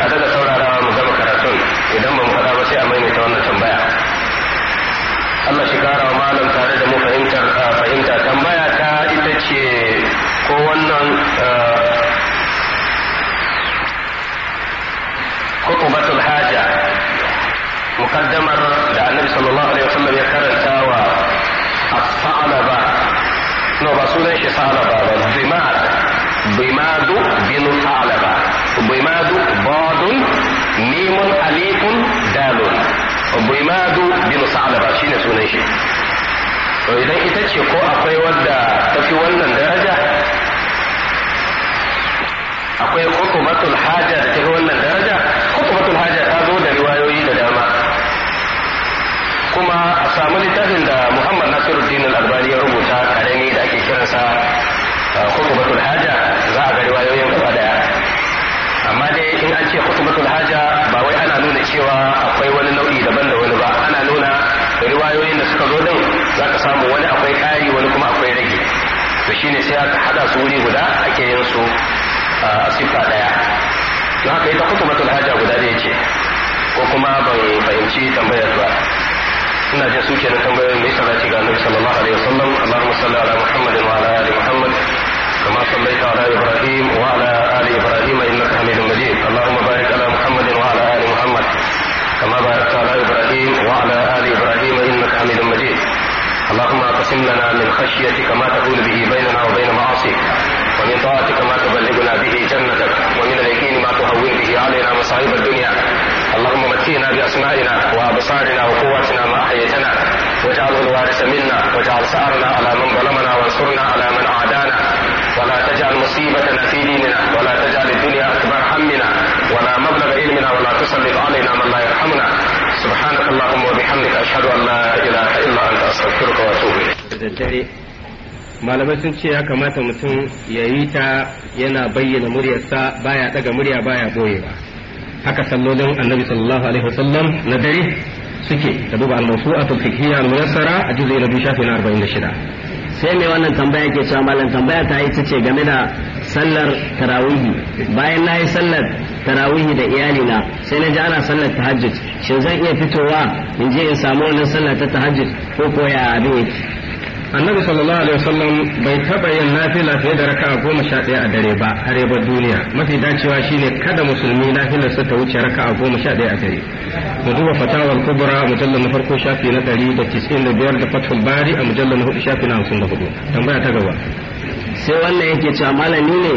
a daga saurarawa mu gama karatun idan ba mu faɗa ba sai a mai ta wannan tambaya Allah shi kara wa malam tare da mu fahimtar fahimta tambaya ta ita ce ko wannan kutubatul haja mukaddamar da annabi sallallahu alaihi wasallam ya karanta wa as-sa'laba no ba sunan shi sa'laba ba bima bima du bin sa'laba alifun dalun buimadu bin shi shine sunan shi to idan ita ce ko akwai wadda tafi wannan daraja akwai kutubatul haja da tafi wannan daraja kutubatul haja ta zo da riwayoyi da dama kuma a samu littafin da muhammad nasiruddin al-albani ya rubuta karami da ake kiransa kutubatul uh, haja shine sai aka hada su wuri guda ake yin su a sifa daya don haka ita hukumatul haja guda da ce ko kuma ban fahimci tambayar ba ina jin su kenan tambayoyin mai salati ga annabi sallallahu alaihi wasallam Allahumma salli ala Muhammadin wa ala ali Muhammad كما صليت على ابراهيم وعلى ال ابراهيم انك حميد مجيد اللهم بارك على محمد وعلى ال محمد كما باركت على اللهم اقسم لنا من خشيتك ما تقول به بيننا وبين معاصيك ومن طاعتك ما تبلغنا به جنتك ومن اليقين ما تهون به علينا مصائب الدنيا اللهم متينا باسمائنا وابصارنا وقواتنا ما احييتنا واجعله الوارث منا واجعل سارنا على من ظلمنا وانصرنا على من عادانا ولا تجعل مصيبتنا في ديننا ولا تجعل الدنيا اكبر همنا ولا مبلغ علمنا ولا تسلط علينا من لا يرحمنا سبحانك اللهم وبحمدك اشهد ان لا astaghfiruka wa malamai sun ce ya kamata mutum ya yi ta yana bayyana muryarsa baya daga murya baya boyewa haka sallolin annabi sallallahu alaihi wasallam na dare suke da duba a mawsuatul a al-muyassara a shafi na 46. sai mai wannan tambaya ke cewa malam tambaya ta yi ta ce game da sallar tarawihi bayan na yi sallar tarawihi da iyali na sai na ji ana sallar tahajjud shin zan iya fitowa in je in samu wannan sallar ta tahajjud ko koya abin yake annabi sallallahu alaihi wasallam bai taba yin nafila fiye da raka'a goma sha ɗaya a dare ba arebar duniya mafi dacewa shine kada musulmi nafilar su ta wuce raka'a goma sha ɗaya a dare mu duba fatawar kubra mujallar na farko shafi na ɗari da tis'in da biyar da fatul bari a mujallar na hudu shafi na hamsin da hudu tambaya ta gaba sai wannan yake cewa malami ne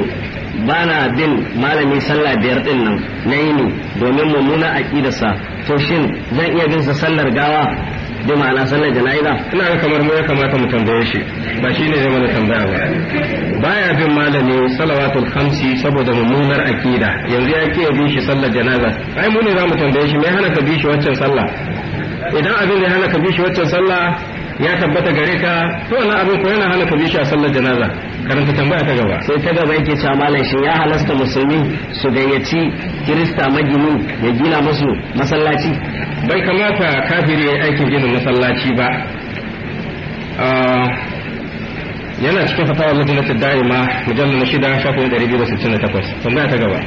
ba na bin malami sallah biyar din nan na yi ne domin mummuna a ƙidasa to shin zan iya bin sa sallar gawa da ma'ana sallar jana'iza ina ga kamar mu ya kamata mu tambaye shi ba shi ne zai mana tambaya ba baya bin malami salawatul Hamsi saboda mummunar akida yanzu ya ke bi shi sallar jana'iza ai mu ne zamu tambaye shi me hana bi shi waccan sallah idan abin da ya hana ka bi shi waccan sallah ya tabbata gare ka to wannan abin ko yana hana ka bi shi a sallar janaza karanta tambaya ta gaba sai ta gaba yake cewa malam shin ya halasta musulmi su gayyaci kirista magini ya gina musu masallaci bai kamata kafiri ya aikin gina masallaci ba ah, yana cikin fatawar majalisar da'ima mujallar na shida shafin 268 tambaya ta gaba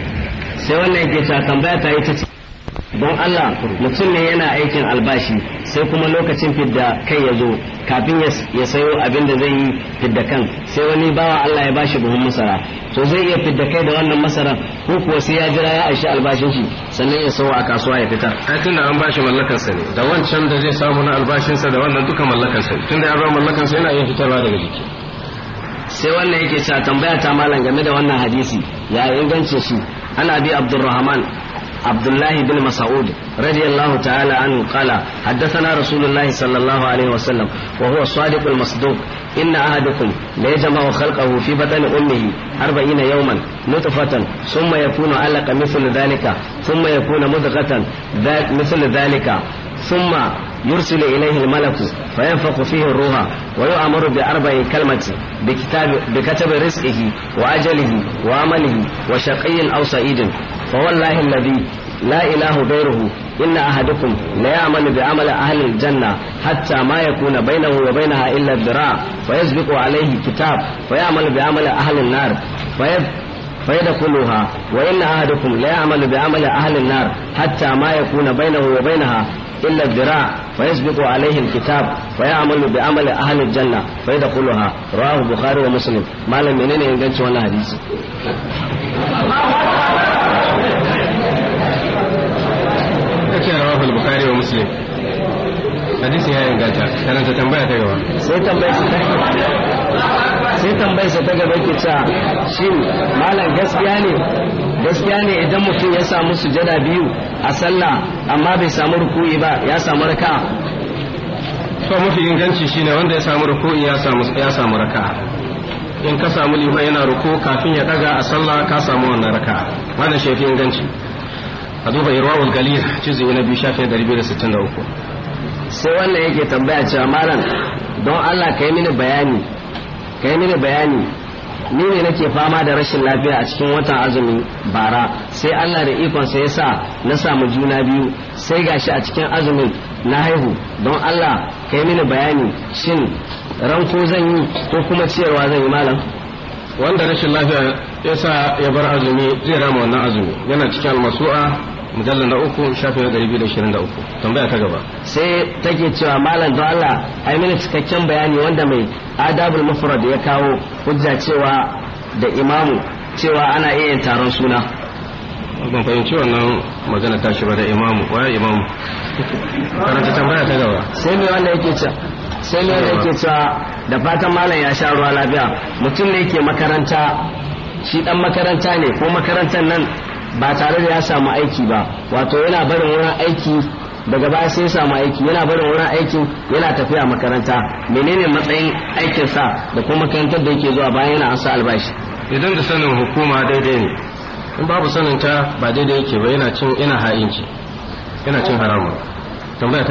sai wannan yake cewa tambaya ta yi ta ce don Allah mutum ne yana aikin albashi sai kuma lokacin fidda kai ya zo kafin ya sayo abin da zai yi fidda kan sai wani bawa Allah ya bashi buhun masara to zai iya fidda kai da wannan masara ko kuwa sai ya jira ya aishi albashin shi sannan ya sayo a kasuwa ya fitar ai tunda an bashi mallakan sa ne da wancan da zai samu na albashin sa da wannan duka mallakan sa tunda ya ba mallakan sa yana iya fitarwa daga jiki sai wannan yake cewa tambaya ta malam game da wannan hadisi ya ingancin shi ana bi Abdulrahman عبد الله بن مسعود رضي الله تعالى عنه قال حدثنا رسول الله صلى الله عليه وسلم وهو الصادق المصدوق إن أحدكم ليجمع خلقه في بطن أمه أربعين يوما نطفة ثم يكون علقة مثل ذلك ثم يكون مضغة مثل ذلك ثم يرسل إليه الملك فينفق فيه الروح ويؤمر بأربع كلمة بكتاب بكتب رزقه وأجله وعمله وشقي أو سعيد fa wallahi alladhi la ilaha ghayruhu inna ahadukum la ya'malu bi amali ahli aljanna hatta ma yakuna bainahu wa bainaha illa dhira fa yasbiqu alayhi kitab fa bi amali nar فيدخلها وإن أحدكم لا يعمل بعمل أهل النار حتى ما يكون بينه وبينها إلا الذراع فيسبق عليه الكتاب فيعمل بعمل أهل الجنة فيدخلها رواه البخاري ومسلم ما لم ينين ينجنش ولا حديث ka ce rawahul bukhari wa muslim hadisi ya inganta karanta tambaya ta gaba sai tambaya ta sai tambaya ta gaba ke cewa shin malam gaskiya ne gaskiya ne idan mutum ya samu sujada biyu a sallah amma bai samu ruku'i ba ya samu raka to mafi inganci shine wanda ya samu ruku'i ya samu ya samu in ka samu liman yana ruku kafin ya daga a sallah ka samu wannan raka wannan shi inganci a duba irwa'ul galil cizo na biyu shafi uku sai wannan yake tambaya cewa malam don Allah ka yi mini bayani ka yi mini bayani ni ne nake fama da rashin lafiya a cikin watan azumin bara sai Allah da sa ya sa na samu juna biyu sai gashi a cikin azumin na haihu don Allah ka yi mini bayani shin ranko zan yi ko kuma ciyarwa zan yi malam wanda rashin lafiya ya sa ya bar azumi zai rama wannan azumi yana cikin almasu'a mujallar na uku shafi na ɗari biyu da shirin da uku tambaya ta gaba sai take cewa malam don Allah ai mini cikakken bayani wanda mai adabul mufrad ya kawo hujja cewa da imamu cewa ana iya yin taron suna ban fahimci wannan magana ta shi ba da imamu waya imamu karanta tambaya ta gaba sai mai wanda yake cewa sai mai wanda yake cewa da fatan malam ya sha ruwa lafiya mutum ne ke makaranta shi dan makaranta ne ko makarantar nan ba tare da ya samu aiki ba wato yana barin wani aiki daga baya sai ya samu aiki yana barin wani aiki yana tafiya makaranta menene matsayin aikinsa da kuma makarantar da yake zuwa bayan yana ansa albashi idan da sanin hukuma daidai ne in babu sanin ta ba daidai yake ba yana cin ina ha'inci yana cin haramun tambaya